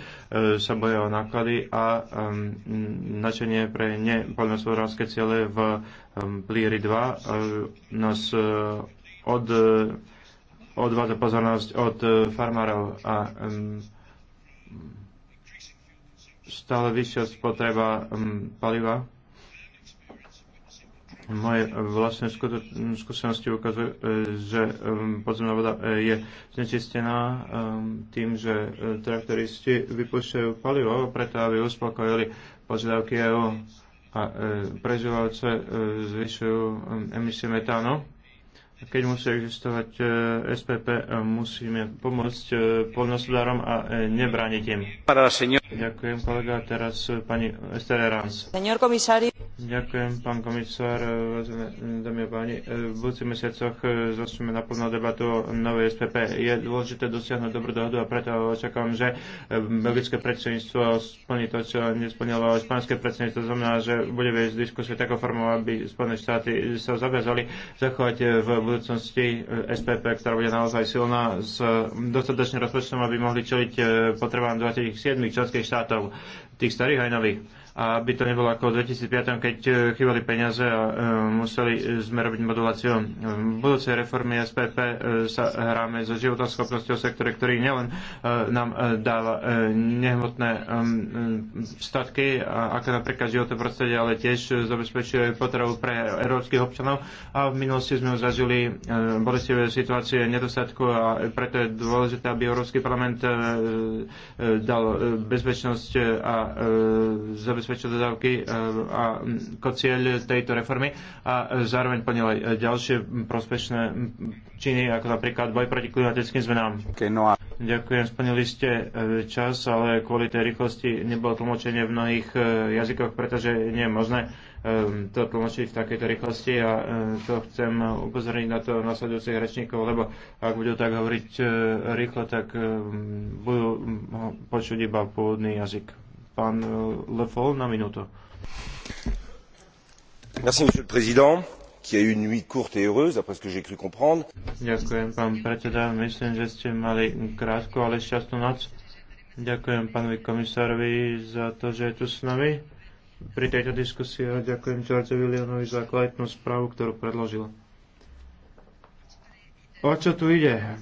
Speaker 2: sa boja o náklady a mm, načenie pre nepoľnospodárske ciele v mm, Plíri 2 nás od odvádza pozornosť od e, farmárov a stále vyššia spotreba paliva. Moje vlastné skúsenosti ukazujú, e, že podzemná voda e, je znečistená tým, že traktoristi vypúšťajú palivo, preto aby uspokojili požiadavky EU a prežívajúce zvyšujú emisie metánu keď musí existovať e, SPP, e, musíme pomôcť e, poľnohospodárom a nebrániť im. Ďakujem, kolega. Teraz eh, pani Estererans. Ďakujem, pán komisár. Eh, dámy a páni, eh, v budúcich mesiacoch začneme naplno debatu o novej SPP. Je dôležité dosiahnuť dobrú dohodu a preto očakávam, že belgické predsedníctvo splní to, čo nesplnilo španské predsedníctvo. Znamená, že bude viesť diskusiu takou formou, aby Spojené štáty sa zaviazali zachovať v budúcnosti SPP, ktorá bude naozaj silná s dostatočným rozpočtom, aby mohli čeliť potrebám 27 členských štátov, tých starých aj nových. A aby to nebolo ako v 2005, keď e, chýbali peniaze a e, museli sme robiť moduláciu. E, v budúcej reformy SPP sa hráme so životoschopnosťou sektore, ktorý nielen nám dáva nehmotné statky, ako napríklad životné prostredie, ale tiež zabezpečuje potrebu pre európskych občanov. A v minulosti sme zažili bolestivé situácie nedostatku a preto je dôležité, aby Európsky parlament dal bezpečnosť a zabezpečenie zabezpečil dodávky e, a ako cieľ tejto reformy a zároveň plnil aj ďalšie prospešné činy, ako napríklad boj proti klimatickým zmenám. Okay, no a... Ďakujem, splnili ste e, čas, ale kvôli tej rýchlosti nebolo tlmočenie v mnohých e, jazykoch, pretože nie je možné to tlmočiť v takejto rýchlosti a to chcem upozorniť na to nasledujúcich rečníkov, lebo ak budú tak hovoriť rýchlo, tak budú počuť iba pôvodný jazyk pán eh, Lefol na minútu.
Speaker 3: Merci, monsieur le président qui a eu une nuit courte et heureuse, d'après ce que j'ai cru comprendre.
Speaker 2: Ďakujem, pán predseda. Myslím, že ste mali krátku, ale šťastnú noc. Ďakujem pánovi komisárovi za to, že je tu s nami pri tejto diskusii a ďakujem Georgeovi Leonovi za kvalitnú správu, ktorú predložil. O čo tu ide?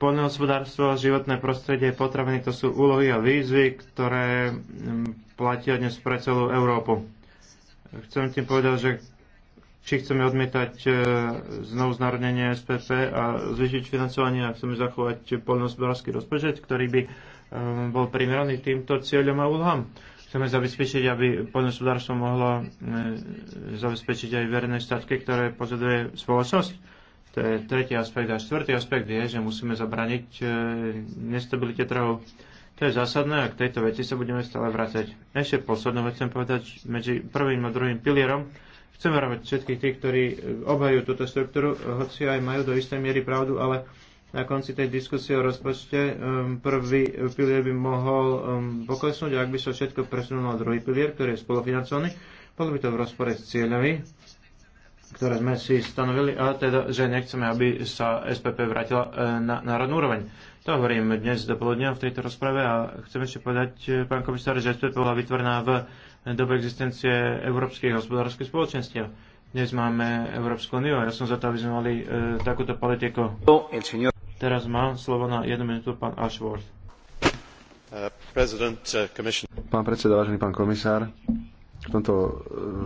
Speaker 2: Poľnohospodárstvo, životné prostredie, potraviny to sú úlohy a výzvy, ktoré mm, platia dnes pre celú Európu. Chcem tým povedať, že či chceme odmietať e, znovu znárodnenie SPP a zvýšiť financovanie a chceme zachovať poľnohospodársky rozpočet, ktorý by e, bol primeraný týmto cieľom a úlohám. Chceme zabezpečiť, aby poľnohospodárstvo mohlo e, zabezpečiť aj verejné statky, ktoré požaduje spoločnosť to je tretí aspekt. A štvrtý aspekt je, že musíme zabraniť e, nestabilite trhov. To je zásadné a k tejto veci sa budeme stále vrácať. Ešte poslednú vec chcem povedať, medzi prvým a druhým pilierom chcem varovať všetkých tých, ktorí e, obhajujú túto štruktúru, hoci aj majú do istej miery pravdu, ale na konci tej diskusie o rozpočte e, prvý pilier by mohol poklesnúť, ak by sa všetko presunulo na druhý pilier, ktorý je spolufinancovaný, bolo by to v rozpore s cieľami ktoré sme si stanovili, a teda, že nechceme, aby sa SPP vrátila e, na národnú úroveň. To hovorím dnes do poludnia v tejto rozprave a chcem ešte povedať, e, pán komisár, že SPP bola vytvorená v dobe existencie Európskej hospodárskej spoločnosti. Dnes máme Európsku uniu a ja som za to, aby sme mali e, takúto politiku. Teraz má slovo na jednu minútu pán Ashworth. Uh,
Speaker 1: uh, pán predseda, vážený pán komisár, v tomto e,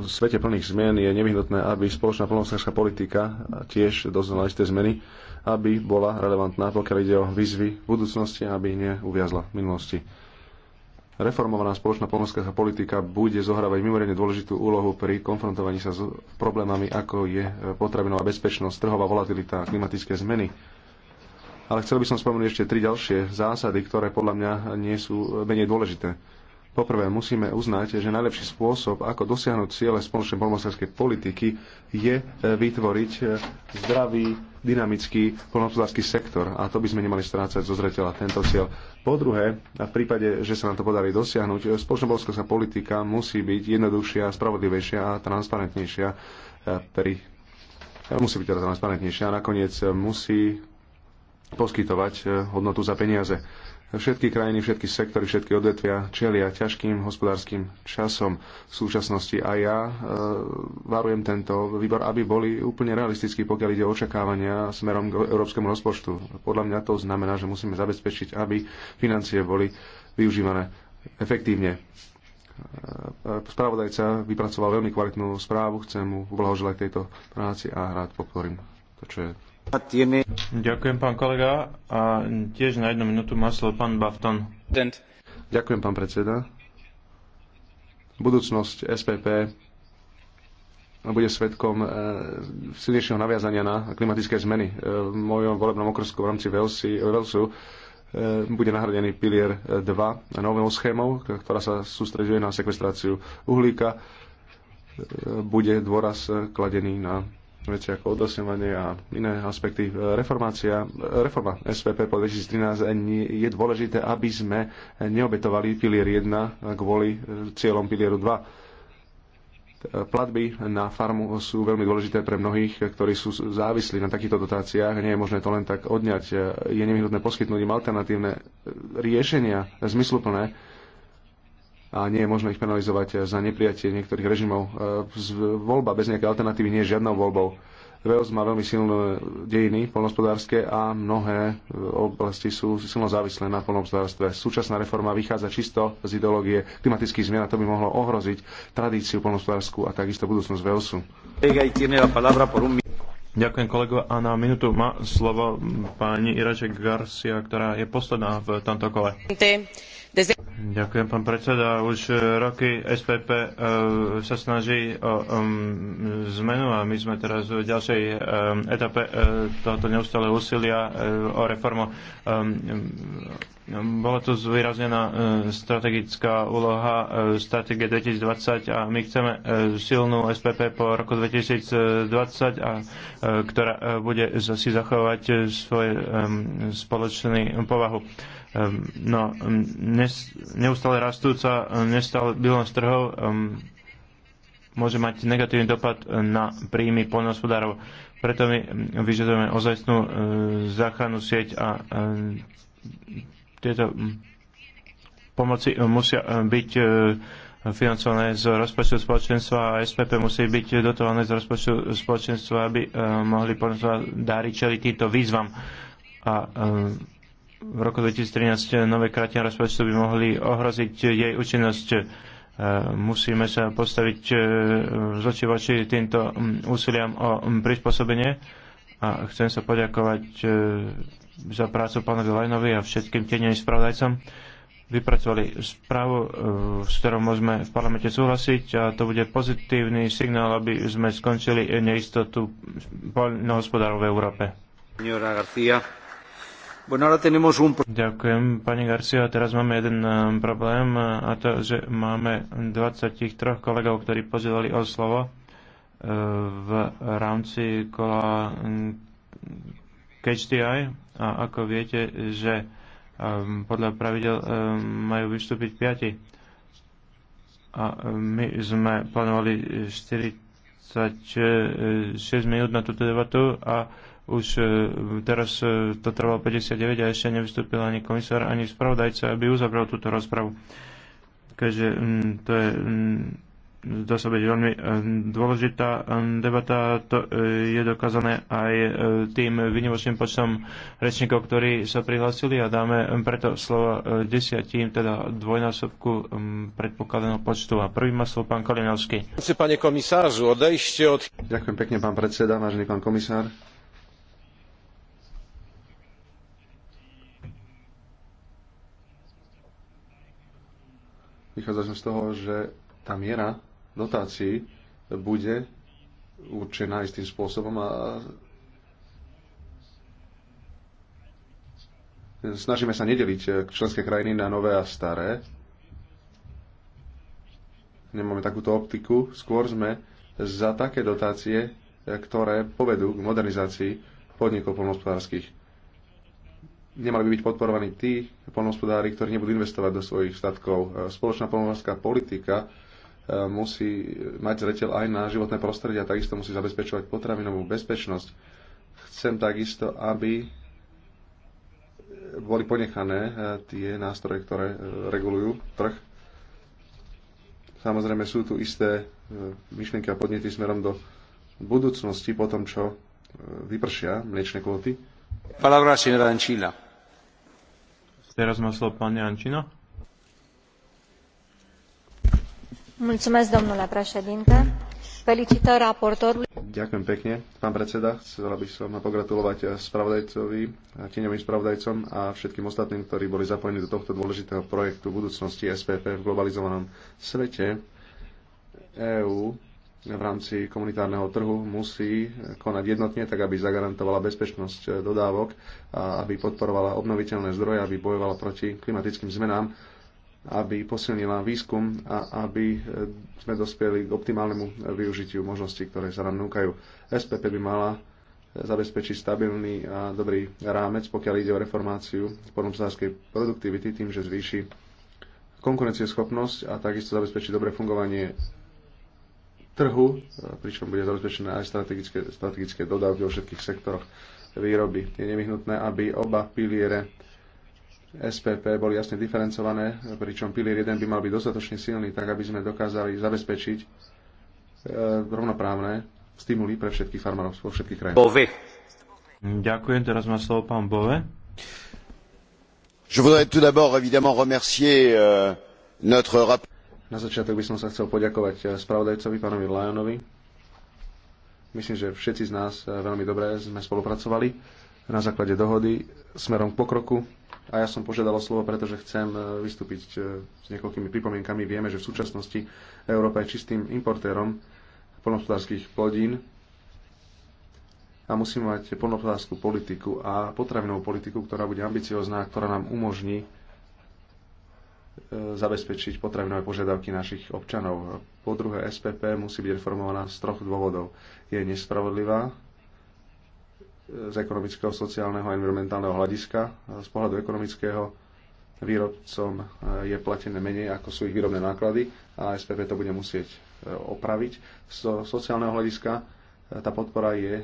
Speaker 1: svete plných zmien je nevyhnutné, aby spoločná plnohospodárska politika tiež doznala isté zmeny, aby bola relevantná, pokiaľ ide o výzvy v budúcnosti, aby neuviazla v minulosti. Reformovaná spoločná plnohospodárska politika bude zohrávať mimoriadne dôležitú úlohu pri konfrontovaní sa s problémami, ako je e, potravinová bezpečnosť, trhová volatilita, a klimatické zmeny. Ale chcel by som spomenúť ešte tri ďalšie zásady, ktoré podľa mňa nie sú menej dôležité Poprvé musíme uznať, že najlepší spôsob, ako dosiahnuť ciele spoločnej polnohospodárskej politiky, je e, vytvoriť e, zdravý, dynamický polnohospodársky sektor. A to by sme nemali strácať zo zreteľa tento cieľ. Po druhé, a v prípade, že sa nám to podarí dosiahnuť, e, spoločná polnohospodárska politika musí byť jednoduchšia, spravodlivejšia a transparentnejšia pri musí byť teda transparentnejšia a nakoniec musí poskytovať hodnotu za peniaze Všetky krajiny, všetky sektory, všetky odvetvia čelia ťažkým hospodárskym časom v súčasnosti a ja e, varujem tento výbor, aby boli úplne realistickí, pokiaľ ide o očakávania smerom k európskemu rozpočtu. Podľa mňa to znamená, že musíme zabezpečiť, aby financie boli využívané efektívne. E, spravodajca vypracoval veľmi kvalitnú správu, chcem mu poblahoželať tejto práci a rád podporím to, čo je Ďakujem,
Speaker 2: pán kolega. A tiež na jednu minútu má slovo pán Bafton.
Speaker 1: Ďakujem, pán predseda. Budúcnosť SPP eh, bude svetkom eh, silnejšieho naviazania na klimatické zmeny. Eh, v mojom volebnom okrsku v rámci Velsi, Velsu bude nahradený pilier 2 novou schémou, ktorá sa sústreďuje na sekvestráciu uhlíka. Bude dôraz kladený na veci ako odosňovanie a iné aspekty. E, reformácia, e, reforma SVP po 2013 je dôležité, aby sme neobetovali pilier 1 kvôli e, cieľom pilieru 2. Platby na farmu sú veľmi dôležité pre mnohých, ktorí sú závislí na takýchto dotáciách. Nie je možné to len tak odňať. Je nevyhnutné poskytnúť im alternatívne riešenia, zmysluplné, a nie je možné ich penalizovať eh, za neprijatie niektorých režimov. Eh, voľba bez nejakej alternatívy nie je žiadnou voľbou. Wales má veľmi silné dejiny polnospodárske a mnohé eh, oblasti sú silno závislé na polnospodárstve. Súčasná reforma vychádza čisto z ideológie klimatických zmien a to by mohlo ohroziť tradíciu polnospodárskú a takisto budúcnosť Walesu. Ďakujem
Speaker 2: kolego a na minútu má slovo mm, pani Iraček Garcia, ktorá je posledná v tomto kole. Ďakujem, pán predseda. Už e, roky SPP e, sa snaží o um, zmenu a my sme teraz v ďalšej e, etape tohoto neustáleho úsilia o reformu. Um, um, bola tu zvýraznená strategická úloha strategie 2020 a my chceme silnú SPP po roku 2020, a, ktorá bude si zachovať svoj spoločný povahu Ehm, no, ehm, neustále rastúca, ehm, nestabilnosť bilnosť trhov môže mať negatívny dopad e, na príjmy poľnohospodárov. Preto my vyžadujeme ozajstnú e, záchrannú sieť a tieto pomoci e, musia byť financované z rozpočtu spoločenstva a SPP musí byť dotované z rozpočtu spoločenstva, aby mohli poľnohospodári čeliť týmto výzvam. A v roku 2013 nové krátia rozpočtu by mohli ohroziť jej účinnosť. E, musíme sa postaviť e, z oči voči týmto úsiliam o prispôsobenie a chcem sa poďakovať e, za prácu pánovi Lajnovi a všetkým tieňovým spravodajcom. Vypracovali správu, s ktorou môžeme v parlamente súhlasiť a to bude pozitívny signál, aby sme skončili neistotu poľnohospodárov v Európe. Señora García. Ďakujem, pani Garcia. Teraz máme jeden um, problém uh, a to, že máme 23 kolegov, ktorí požiadali o slovo uh, v rámci kola um, KHTI a ako viete, že um, podľa pravidel majú vystúpiť 5. A my sme plánovali 46 uh, minút na túto debatu a už e, teraz e, to trvalo 59 a ešte nevystúpil ani komisár, ani spravodajca, aby uzavrel túto rozpravu. Keďže mm, to je mm, dá sa byť veľmi e, dôležitá mm, debata. To je dokázané aj tým vynimočným počtom rečníkov, ktorí sa prihlásili a dáme preto slovo desiatím, teda dvojnásobku predpokladaného počtu. A prvý má slovo pán Kalinovský.
Speaker 1: Pane odejšte od... Ďakujem pekne, pán predseda, vážený pán komisár. Vychádza som z toho, že tá miera dotácií bude určená istým spôsobom a snažíme sa nedeliť členské krajiny na nové a staré. Nemáme takúto optiku, skôr sme za také dotácie, ktoré povedú k modernizácii podnikov polnospodárských nemali by byť podporovaní tí polnohospodári, ktorí nebudú investovať do svojich statkov. E, Spoločná polnohospodárska politika e, musí mať zreteľ aj na životné prostredie a takisto musí zabezpečovať potravinovú bezpečnosť. Chcem takisto, aby boli ponechané e, tie nástroje, ktoré regulujú trh. Samozrejme sú tu isté myšlienky a podnety smerom do budúcnosti po tom, čo vypršia mliečne kvóty. Palabra, señora Anchila.
Speaker 2: Teraz má slovo pani Ančino.
Speaker 3: Mulțumesc, domnule președinte. Felicitări raportorului.
Speaker 1: Ďakujem pekne, pán predseda. Chcela by som pogratulovať spravodajcovi, tieňovým spravodajcom a všetkým ostatným, ktorí boli zapojení do tohto dôležitého projektu budúcnosti SPP v globalizovanom svete. EÚ v rámci komunitárneho trhu musí konať jednotne, tak aby zagarantovala bezpečnosť e, dodávok a aby podporovala obnoviteľné zdroje, aby bojovala proti klimatickým zmenám, aby posilnila výskum a aby e, sme dospeli k optimálnemu využitiu možností, ktoré sa nám núkajú. SPP by mala e, zabezpečiť stabilný a dobrý rámec, pokiaľ ide o reformáciu poľnohospodárskej produktivity tým, že zvýši konkurencieschopnosť a takisto zabezpečiť dobré fungovanie trhu, pričom bude zabezpečené aj strategické, strategické dodávky vo všetkých sektoroch výroby. Je nevyhnutné, aby oba piliere SPP boli jasne diferencované, pričom pilier 1 by mal byť dostatočne silný, tak aby sme dokázali zabezpečiť e, rovnoprávne stimuly pre všetkých farmárov vo všetkých krajinách. Bove.
Speaker 2: Ďakujem, teraz má slovo pán
Speaker 1: Bove. Je voudrais tout d'abord évidemment remercier euh, notre rapport na začiatok by som sa chcel poďakovať eh, spravodajcovi, pánovi Lajonovi. Myslím, že všetci z nás eh, veľmi dobre sme spolupracovali na základe dohody smerom k pokroku. A ja som požiadal slovo, pretože chcem eh, vystúpiť s niekoľkými pripomienkami. Vieme, že v súčasnosti Európa je čistým importérom polnohospodárských plodín a musíme mať polnohospodárskú politiku a potravinovú politiku, ktorá bude ambiciozná, ktorá nám umožní E, zabezpečiť potrebné požiadavky našich občanov. Po druhé, SPP musí byť reformovaná z troch dôvodov. Je nespravodlivá e, z ekonomického, sociálneho a environmentálneho hľadiska. Z pohľadu ekonomického výrobcom e, je platené menej, ako sú ich výrobné náklady a SPP to bude musieť opraviť. Z sociálneho hľadiska tá podpora je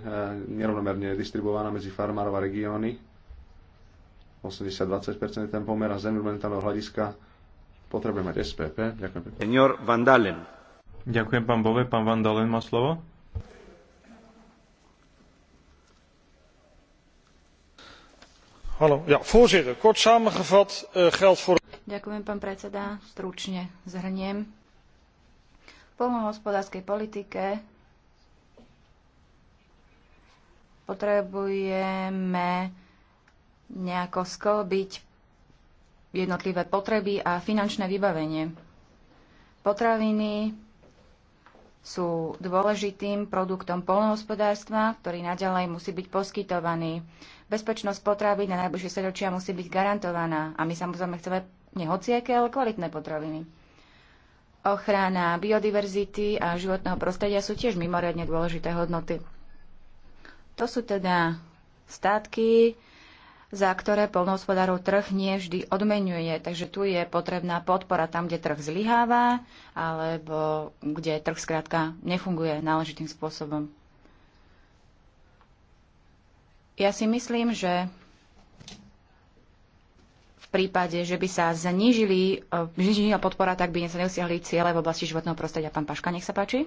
Speaker 1: nerovnomerne distribuovaná medzi farmárov a regióny. 80-20% ten pomer a z environmentálneho hľadiska potrebujeme mať SPP. Ďakujem
Speaker 2: Senior Van Dalen. Ďakujem, pán Bove. Pán Van Dalen má slovo. Hallo. Ja, voorzitter, kort samengevat uh, geldt voor...
Speaker 3: Ďakujem, pán predseda. Stručne zhrniem. V polnohospodárskej politike potrebujeme nejako sklbiť jednotlivé potreby a finančné vybavenie. Potraviny sú dôležitým produktom polnohospodárstva, ktorý naďalej musí byť poskytovaný. Bezpečnosť potravy na najbližšie sedočia musí byť garantovaná a my samozrejme chceme nehociaké, ale kvalitné potraviny. Ochrana biodiverzity a životného prostredia sú tiež mimoriadne dôležité hodnoty. To sú teda statky, za ktoré polnohospodárov trh nie vždy odmenuje. Takže tu je potrebná podpora tam, kde trh zlyháva alebo kde trh skrátka nefunguje náležitým spôsobom. Ja si myslím, že v prípade, že by sa znížili, e, znížila podpora, tak by sa neusiahli ciele v oblasti životného prostredia. Pán Paška, nech sa páči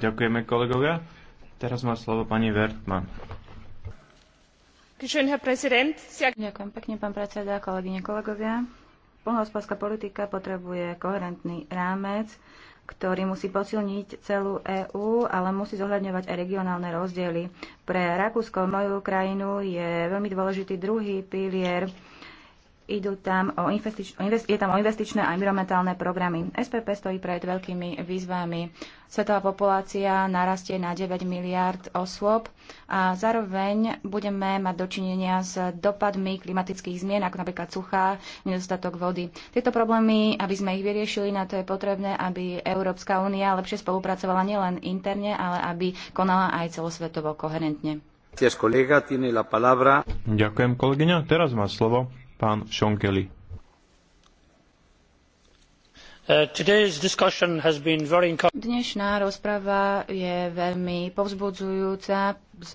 Speaker 2: Ďakujeme kolegovia. Teraz má slovo pani Wertmann.
Speaker 3: Ďakujem pekne, pán predseda, kolegyne, kolegovia. Polnohospodárska politika potrebuje koherentný rámec, ktorý musí posilniť celú EÚ, ale musí zohľadňovať aj regionálne rozdiely. Pre Rakúsko, moju krajinu, je veľmi dôležitý druhý pilier Idú tam o investič- o invest- je tam o investičné a environmentálne programy. SPP stojí pred veľkými výzvami. Svetová populácia narastie na 9 miliard osôb a zároveň budeme mať dočinenia s dopadmi klimatických zmien, ako napríklad suchá, nedostatok vody. Tieto problémy, aby sme ich vyriešili, na to je potrebné, aby Európska únia lepšie spolupracovala nielen interne, ale aby konala aj celosvetovo koherentne.
Speaker 2: Ďakujem, kolegyňa. Teraz má slovo pán Šonkeli.
Speaker 3: Uh, Dnešná rozprava je veľmi povzbudzujúca z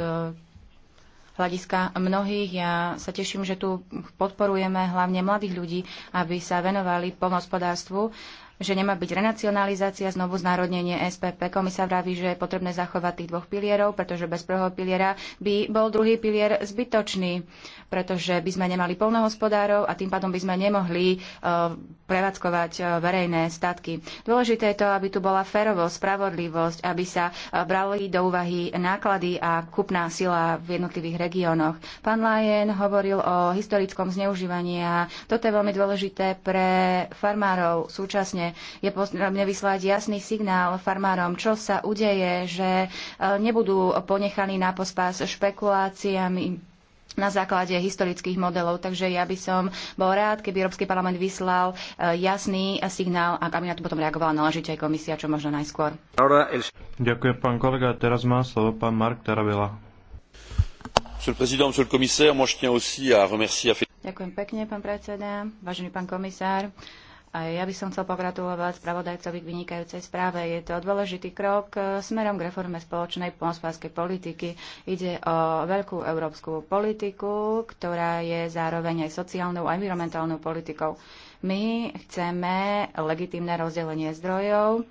Speaker 3: hľadiska mnohých. Ja sa teším, že tu podporujeme hlavne mladých ľudí, aby sa venovali poľnohospodárstvu že nemá byť renacionalizácia, znovu znárodnenie SPP. Komisa vraví, že je potrebné zachovať tých dvoch pilierov, pretože bez prvého piliera by bol druhý pilier zbytočný, pretože by sme nemali polnohospodárov a tým pádom by sme nemohli e, prevádzkovať e, verejné statky. Dôležité je to, aby tu bola férovosť, spravodlivosť, aby sa e, brali do úvahy náklady a kupná sila v jednotlivých regiónoch. Pán Lajen hovoril o historickom zneužívaní a toto je veľmi dôležité pre farmárov súčasne je potrebné vyslať jasný signál farmárom, čo sa udeje, že e, nebudú ponechaní na pospas špekuláciami na základe historických modelov. Takže ja by som bol rád, keby Európsky parlament vyslal e, jasný signál a aby na to potom reagovala naležite aj komisia, čo možno najskôr.
Speaker 2: Ďakujem, pán kolega. Teraz má slovo pán Mark Tarabela.
Speaker 3: Ďakujem pekne, pán predseda, vážený pán komisár. A ja by som chcel pogratulovať spravodajcovi k vynikajúcej správe. Je to dôležitý krok e, smerom k reforme spoločnej pomospárskej politiky. Ide o veľkú európsku politiku, ktorá je zároveň aj sociálnou a environmentálnou politikou. My chceme legitimné rozdelenie zdrojov,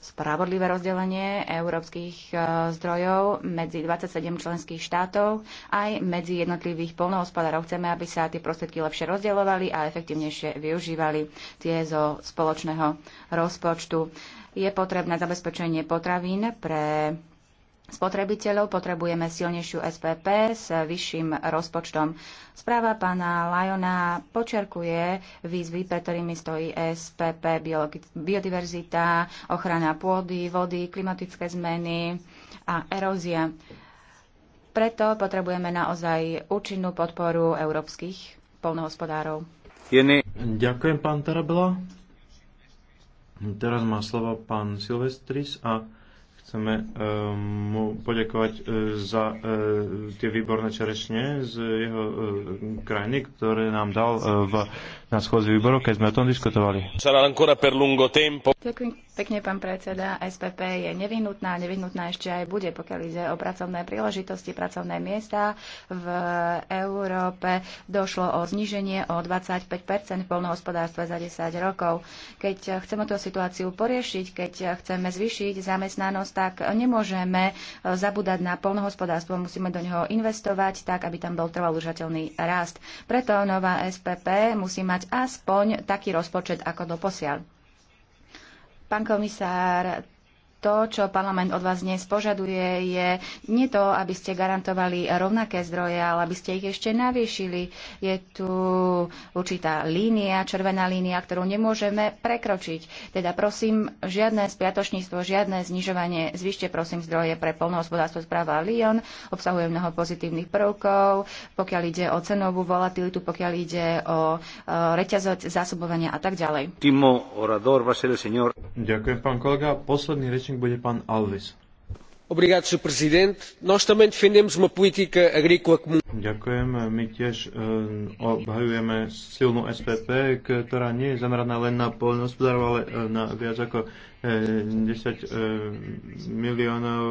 Speaker 3: spravodlivé rozdelenie európskych e, zdrojov medzi 27 členských štátov aj medzi jednotlivých polnohospodárov. Chceme, aby sa tie prostriedky lepšie rozdeľovali a efektívnejšie využívali tie zo spoločného rozpočtu. Je potrebné zabezpečenie potravín pre spotrebiteľov, potrebujeme silnejšiu SPP s vyšším rozpočtom. Správa pána Lajona počerkuje výzvy, pre ktorými stojí SPP, biodiverzita, ochrana pôdy, vody, klimatické zmeny a erózia. Preto potrebujeme naozaj účinnú podporu európskych polnohospodárov.
Speaker 2: Ďakujem, pán Tarabela. Teraz má slovo pán Silvestris a Chceme uh, mu poďakovať uh, za uh, tie výborné čerešne z jeho uh, krajiny, ktoré nám dal uh, v na schôdzi výboru, keď sme o tom diskutovali.
Speaker 1: Ďakujem
Speaker 3: pekne, pán predseda. SPP je nevyhnutná, nevyhnutná ešte aj bude, pokiaľ ide o pracovné príležitosti, pracovné miesta. V Európe došlo o zníženie o 25 v polnohospodárstve za 10 rokov. Keď chceme tú situáciu poriešiť, keď chceme zvýšiť zamestnanosť, tak nemôžeme zabúdať na polnohospodárstvo. Musíme do neho investovať tak, aby tam bol trvalúžateľný rast. Preto nová SPP musí mať mať aspoň taký rozpočet ako doposiaľ. Pán komisár, to, čo parlament od vás dnes požaduje, je nie to, aby ste garantovali rovnaké zdroje, ale aby ste ich ešte navýšili. Je tu určitá línia, červená línia, ktorú nemôžeme prekročiť. Teda prosím, žiadne spiatočníctvo, žiadne znižovanie. Zvyšte prosím zdroje pre polnohospodárstvo správa Lyon. Obsahuje mnoho pozitívnych prvkov, pokiaľ ide o cenovú volatilitu, pokiaľ ide o e, reťazoť zásobovania a tak ďalej.
Speaker 2: Ďakujem, pán kolega. Posledný reč rečník bude pán Alvis. Ďakujem. My tiež eh, obhajujeme silnú SPP, ktorá nie je zameraná len na poľnohospodárov, ale eh, na viac ako 10 eh, miliónov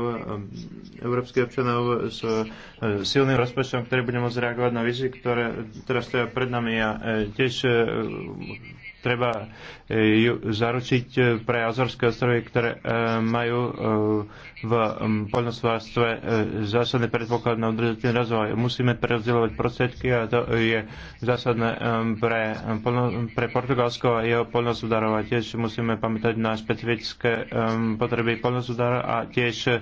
Speaker 2: európskych občanov s silným rozpočtom, ktorý bude môcť reagovať na výzvy, ktoré teraz stojí pred nami. A tiež treba e, ju zaručiť e, pre Azorské ostrovy, ktoré e, majú v poľnospodárstve zásadný predpoklad na udržateľný rozvoj. Musíme prerozdielovať prostriedky a to je zásadné pre, pre Portugalsko a jeho poľnospodárov a tiež musíme pamätať na špecifické potreby poľnospodárov a tiež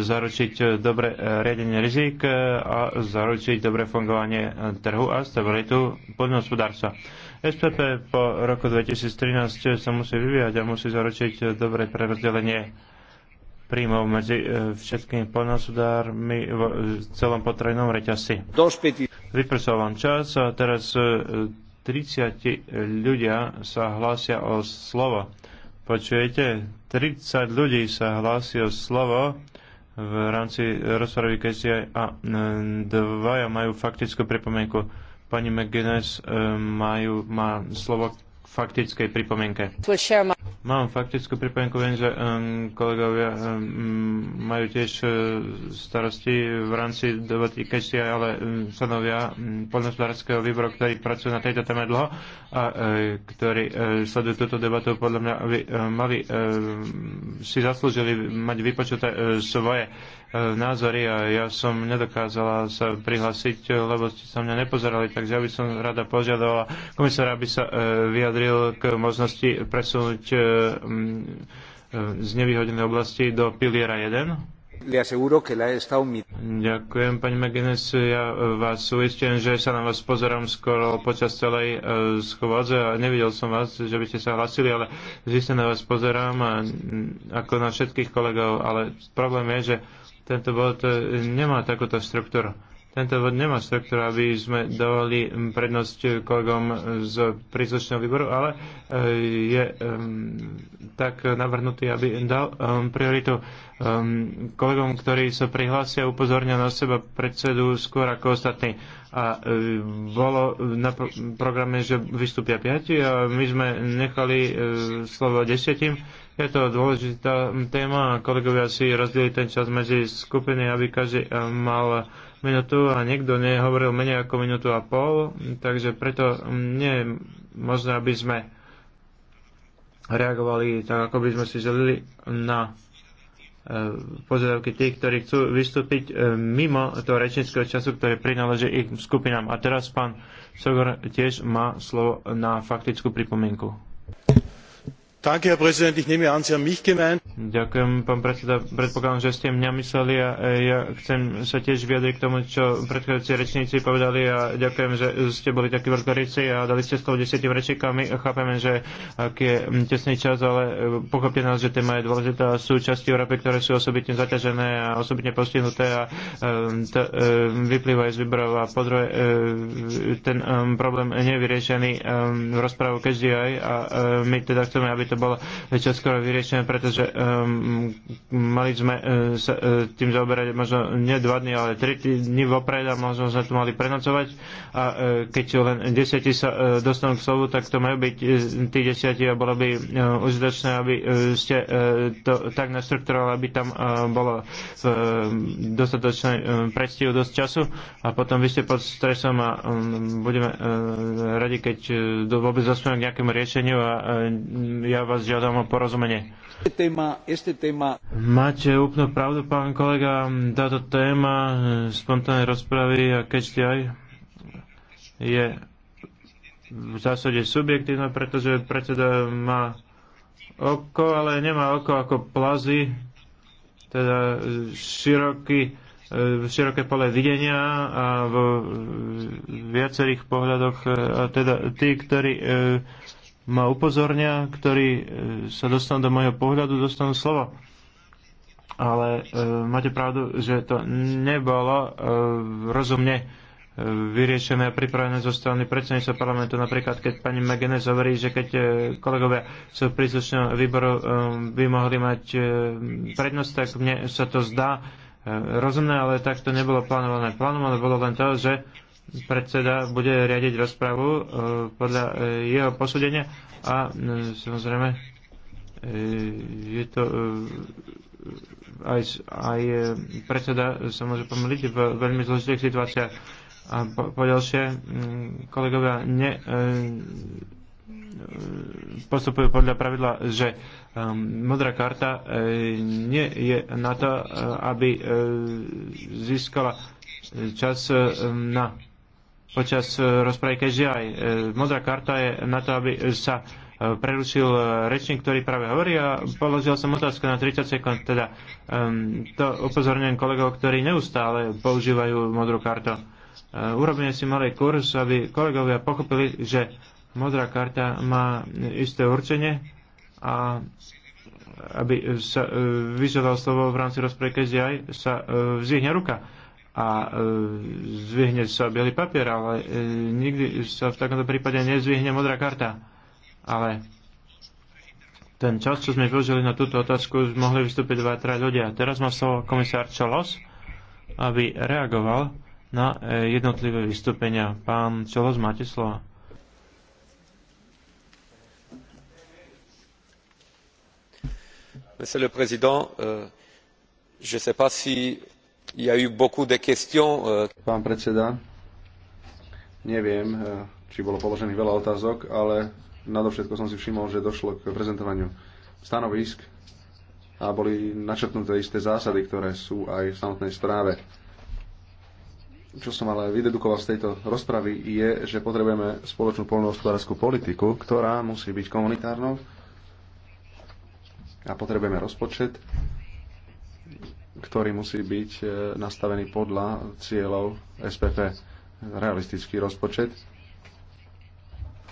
Speaker 2: zaručiť dobre riadenie rizik a zaručiť dobre fungovanie trhu a stabilitu poľnospodárstva SPP po roku 2013 sa musí vyvíjať a musí zaručiť dobré prerozdelenie príjmov medzi e, všetkými plnosudármi v celom potrajnom reťasi. Vypresol vám čas a teraz 30 e, ľudia sa hlásia o slovo. Počujete? 30 ľudí sa hlási o slovo v rámci rozpravy KCI a e, dvaja majú faktickú pripomienku pani McGuinness e, majú, má slovo k faktickej pripomienke. Mám faktickú pripomienku, viem, že um, kolegovia um, majú tiež uh, starosti v rámci debaty keďsi, ale um, členovia um, poľnohospodárskeho výboru, ktorí pracujú na tejto téme dlho a uh, ktorí uh, sledujú túto debatu, podľa mňa by uh, mali uh, si zaslúžili mať vypočuté uh, svoje uh, E, názory a ja som nedokázala sa prihlásiť, e, lebo ste sa mňa nepozerali, takže ja by som rada požiadala komisára, aby sa e, vyjadril k možnosti presunúť z nevyhodenej oblasti do piliera 1.
Speaker 1: Ďakujem,
Speaker 2: pani McGuinness. Ja e, vás uistím, že sa na vás pozerám skoro počas celej e, schôdze a nevidel som vás, že by ste sa hlasili, ale zistene na vás pozerám a, e, ako na všetkých kolegov, ale problém je, že tento bod nemá takúto štruktúru. Tento vod nemá sektor, aby sme dávali mm, prednosť kolegom z príslušného výboru, ale eh, je mm, tak navrhnutý, aby dal mm, prioritu kolegom, ktorí sa prihlásia a upozornia na seba predsedu skôr ako ostatní. A eh, bolo na programe, že vystúpia piati a my sme nechali eh, slovo desiatim. Je to dôležitá téma a kolegovia si rozdielili ten čas medzi skupiny, aby každý mal minútu a niekto nehovoril menej ako minútu a pol, takže preto nie je možné, aby sme reagovali tak, ako by sme si želili na e, požiadavky tých, ktorí chcú vystúpiť e, mimo toho rečnického času, ktoré prináleží ich skupinám. A teraz pán Sogor tiež má slovo na faktickú pripomienku. Ďakujem, pán predseda. Predpokladám, že ste mňa mysleli a e, ja chcem sa tiež vyjadriť k tomu, čo predchádzajúci rečníci povedali a ďakujem, že ste boli takí veľkorysi a dali ste slovo desiatim rečníkom. My chápeme, že ak je tesný čas, ale e, pochopte nás, že téma je dôležitá. Sú časti Európy, ktoré sú osobitne zaťažené a osobitne postihnuté a e, to vyplýva aj z výberov. A po druhé, ten problém nie je vyriešený v rozprávu každý aj a my teda chceme, aby to to bolo čoskoro vyriešené, pretože um, mali sme uh, sa uh, tým zaoberať možno nie dva dny, ale tri dni vopred a možno sme tu mali prenocovať a uh, keď len desiatí sa uh, dostanú k slovu, tak to majú byť uh, tí desiatí a bolo by uh, užitočné, aby uh, ste uh, to tak nastrukturovali, aby tam uh, bolo uh, dostatočné uh, predstihu dosť času a potom vy ste pod stresom a um, budeme uh, radi, keď uh, vôbec dostaneme k nejakému riešeniu a uh, ja vás žiadam o porozumenie. Máte úplnú pravdu, pán kolega. Táto téma e, spontánnej rozpravy a keďte aj je v zásade subjektívna, pretože predseda má oko, ale nemá oko ako plazy, teda e, široký e, široké pole videnia a v viacerých pohľadoch, a teda tí, ktorí ma upozornia, ktorí e, sa dostanú do môjho pohľadu, dostanú slovo. Ale e, máte pravdu, že to nebolo e, rozumne e, vyriešené a pripravené zo strany predsednice parlamentu. Napríklad, keď pani McGuinness hovorí, že keď e, kolegovia sú v príslušnom výboru, by mohli mať prednosť, tak mne sa to zdá rozumné, ale tak to nebolo plánované. Plánované bolo len to, že predseda bude riadiť rozpravu e, podľa e, jeho posúdenia a e, samozrejme je to aj, aj predseda sa môže pomýliť v veľmi zložitých situáciách. A po, po ďalšie, kolegovia ne, postupujú podľa pravidla, že modrá karta nie je na to, aby získala čas na počas e, rozpravy keďže aj e, modrá karta je na to, aby sa e, prerušil rečník, ktorý práve hovorí a položil som otázku na 30 sekúnd. Teda um, to upozorňujem kolegov, ktorí neustále používajú modrú kartu. Uh, urobíme si malý kurz, aby kolegovia pochopili, že modrá karta má isté určenie a aby sa uh, vyžadal slovo v rámci rozprávky, keď aj sa uh, vzihne ruka a e, zvihne sa biely papier, ale e, nikdy sa v takomto prípade nezvihne modrá karta. Ale ten čas, čo sme využili na túto otázku, mohli vystúpiť dva, traja ľudia. Teraz má slovo komisár Čolos, aby reagoval na e, jednotlivé vystúpenia. Pán Čolos, máte slovo.
Speaker 1: Monsieur le Président, euh, je ne sais pas si Euh, Pán predseda, neviem, eh, či bolo položených veľa otázok, ale nadovšetko som si všimol, že došlo k prezentovaniu stanovisk a boli načrtnuté isté zásady, ktoré sú aj v samotnej správe. Čo som ale vydedukoval z tejto rozpravy je, že potrebujeme spoločnú poľnohospodárskú politiku, ktorá musí byť komunitárnou a potrebujeme rozpočet, ktorý musí byť e, nastavený podľa cieľov SPP. Realistický rozpočet.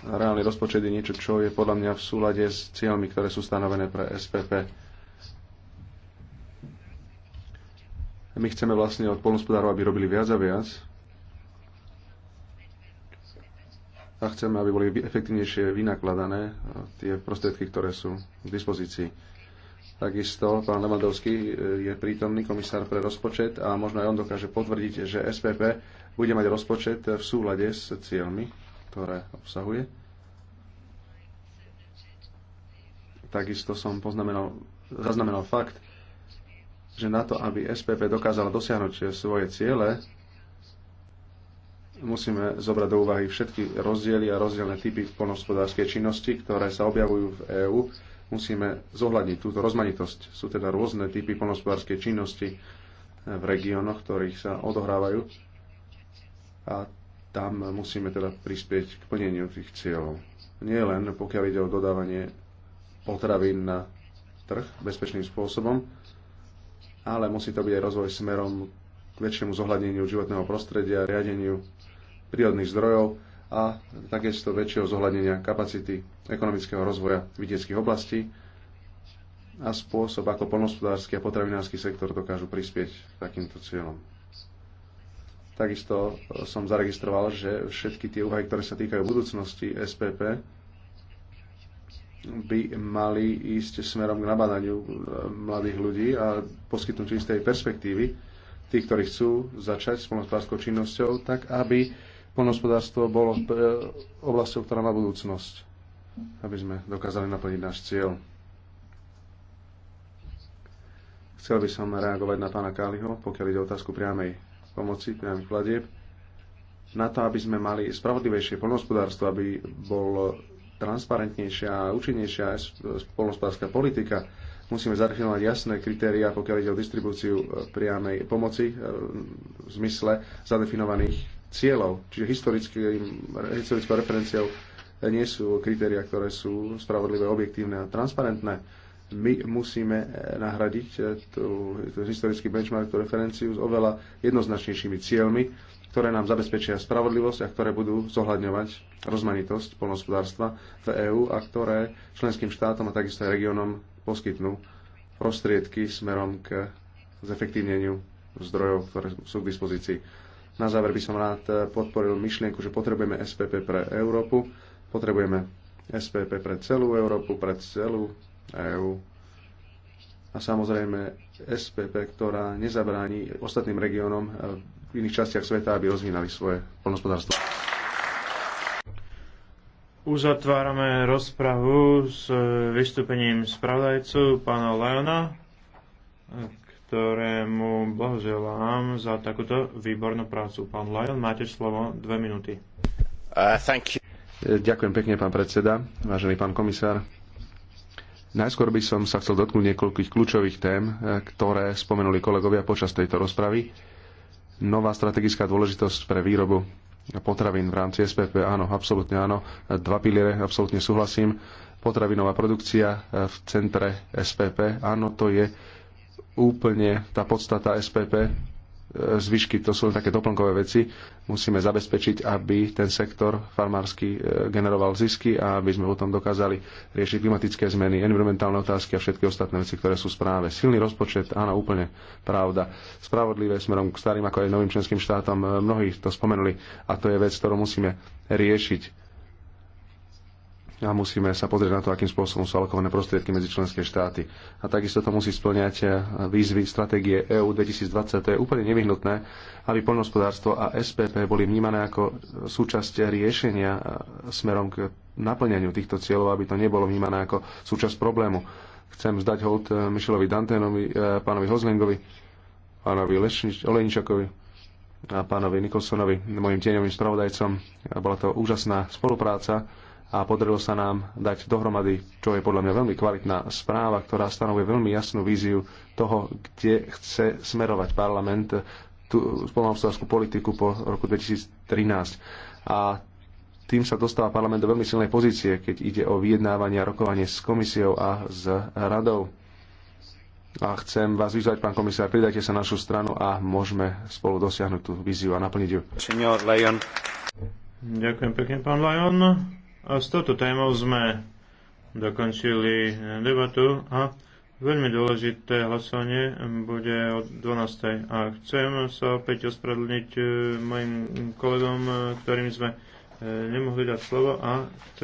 Speaker 1: Reálny rozpočet je niečo, čo je podľa mňa v súlade s cieľmi, ktoré sú stanovené pre SPP. My chceme vlastne od polnospodárov, aby robili viac a viac. A chceme, aby boli efektívnejšie vynakladané e, tie prostriedky, ktoré sú k dispozícii Takisto pán Lemandovský e, je prítomný komisár pre rozpočet a možno aj on dokáže potvrdiť, že SPP bude mať rozpočet v súlade s cieľmi, ktoré obsahuje. Takisto som poznamenal, zaznamenal fakt, že na to, aby SPP dokázala dosiahnuť svoje ciele, musíme zobrať do úvahy všetky rozdiely a rozdielne typy poľnohospodárskej činnosti, ktoré sa objavujú v EÚ musíme zohľadniť túto rozmanitosť. Sú teda rôzne typy polnospodárskej činnosti eh, v regiónoch, ktorých sa odohrávajú a tam musíme teda prispieť k plneniu tých cieľov. Nie len pokiaľ ide o dodávanie potravín na trh bezpečným spôsobom, ale musí to byť aj rozvoj smerom k väčšiemu zohľadneniu životného prostredia, riadeniu prírodných zdrojov a takisto väčšieho zohľadnenia kapacity ekonomického rozvoja vidieckých oblastí a spôsob, ako polnospodársky a potravinársky sektor dokážu prispieť takýmto cieľom. Takisto e, som zaregistroval, že všetky tie úvahy, ktoré sa týkajú budúcnosti SPP, by mali ísť smerom k nabadaniu e, mladých ľudí a poskytnúť istej perspektívy tých, ktorí chcú začať s polnospodárskou činnosťou, tak aby polnospodárstvo bolo e, oblasťou, ktorá má budúcnosť aby sme dokázali naplniť náš cieľ. Chcel by som reagovať na pána Káliho, pokiaľ ide o otázku priamej pomoci, priamých vladieb, na to, aby sme mali spravodlivejšie poľnohospodárstvo, aby bol transparentnejšia a účinnejšia poľnohospodárska politika. Musíme zadefinovať jasné kritéria, pokiaľ ide o distribúciu e, priamej pomoci e, v zmysle zadefinovaných cieľov. Čiže historickou referenciou nie sú kritéria, ktoré sú spravodlivé, objektívne a transparentné. My musíme eh, nahradiť eh, tú, tú historický benchmark, tú referenciu s oveľa jednoznačnejšími cieľmi, ktoré nám zabezpečia spravodlivosť a ktoré budú zohľadňovať rozmanitosť polnospodárstva v EÚ a ktoré členským štátom a takisto aj regiónom poskytnú prostriedky smerom k zefektívneniu zdrojov, ktoré sú k dispozícii. Na záver by som rád eh, podporil myšlienku, že potrebujeme SPP pre Európu. Potrebujeme SPP pre celú Európu, pre celú EÚ a samozrejme SPP, ktorá nezabráni ostatným regiónom e, v iných častiach sveta, aby rozvínali svoje polnospodárstvo.
Speaker 2: Uzatvárame rozpravu s e, vystúpením spravodajcu pána Leona, ktorému blahoželám za takúto výbornú prácu. Pán Leon, máte slovo dve minúty.
Speaker 1: Uh, thank you. Ďakujem pekne, pán predseda, vážený pán komisár. Najskôr by som sa chcel dotknúť niekoľkých kľúčových tém, ktoré spomenuli kolegovia počas tejto rozpravy. Nová strategická dôležitosť pre výrobu potravín v rámci SPP, áno, absolútne áno. Dva piliere, absolútne súhlasím. Potravinová produkcia v centre SPP, áno, to je úplne tá podstata SPP zvyšky, to sú také doplnkové veci. Musíme zabezpečiť, aby ten sektor farmársky e, generoval zisky a aby sme potom dokázali riešiť klimatické zmeny, environmentálne otázky a všetky ostatné veci, ktoré sú správe. Silný rozpočet, áno, úplne pravda. Spravodlivé smerom k starým ako aj novým členským štátom, e, mnohí to spomenuli a to je vec, ktorú musíme riešiť a musíme sa pozrieť na to, akým spôsobom sú alokované prostriedky medzi členské štáty. A takisto to musí splňať eh, výzvy stratégie EU 2020. To je úplne nevyhnutné, aby poľnohospodárstvo a SPP boli vnímané ako súčasť riešenia eh, smerom k naplňaniu týchto cieľov, aby to nebolo vnímané ako súčasť problému. Chcem zdať hold eh, Michelovi Danténovi, pánovi Hozlingovi, pánovi Olejničakovi, a pánovi Nikolsonovi, mojim tieňovým spravodajcom. Bola to úžasná spolupráca a podarilo sa nám dať dohromady, čo je podľa mňa veľmi kvalitná správa, ktorá stanovuje veľmi jasnú víziu toho, kde chce smerovať parlament tú spolnohospodárskú politiku po roku 2013. A tým sa dostáva parlament do veľmi silnej pozície, keď ide o vyjednávanie a rokovanie s komisiou a s radou. A chcem vás vyzvať, pán komisár, pridajte sa našu stranu a môžeme spolu dosiahnuť tú víziu a naplniť ju.
Speaker 2: Ďakujem pekne, pán Lajon. A s touto témou sme dokončili eh, debatu a veľmi dôležité hlasovanie bude o 12. A chcem sa opäť ospravedlniť eh, mojim kolegom, eh, ktorým sme nemohli dať slovo a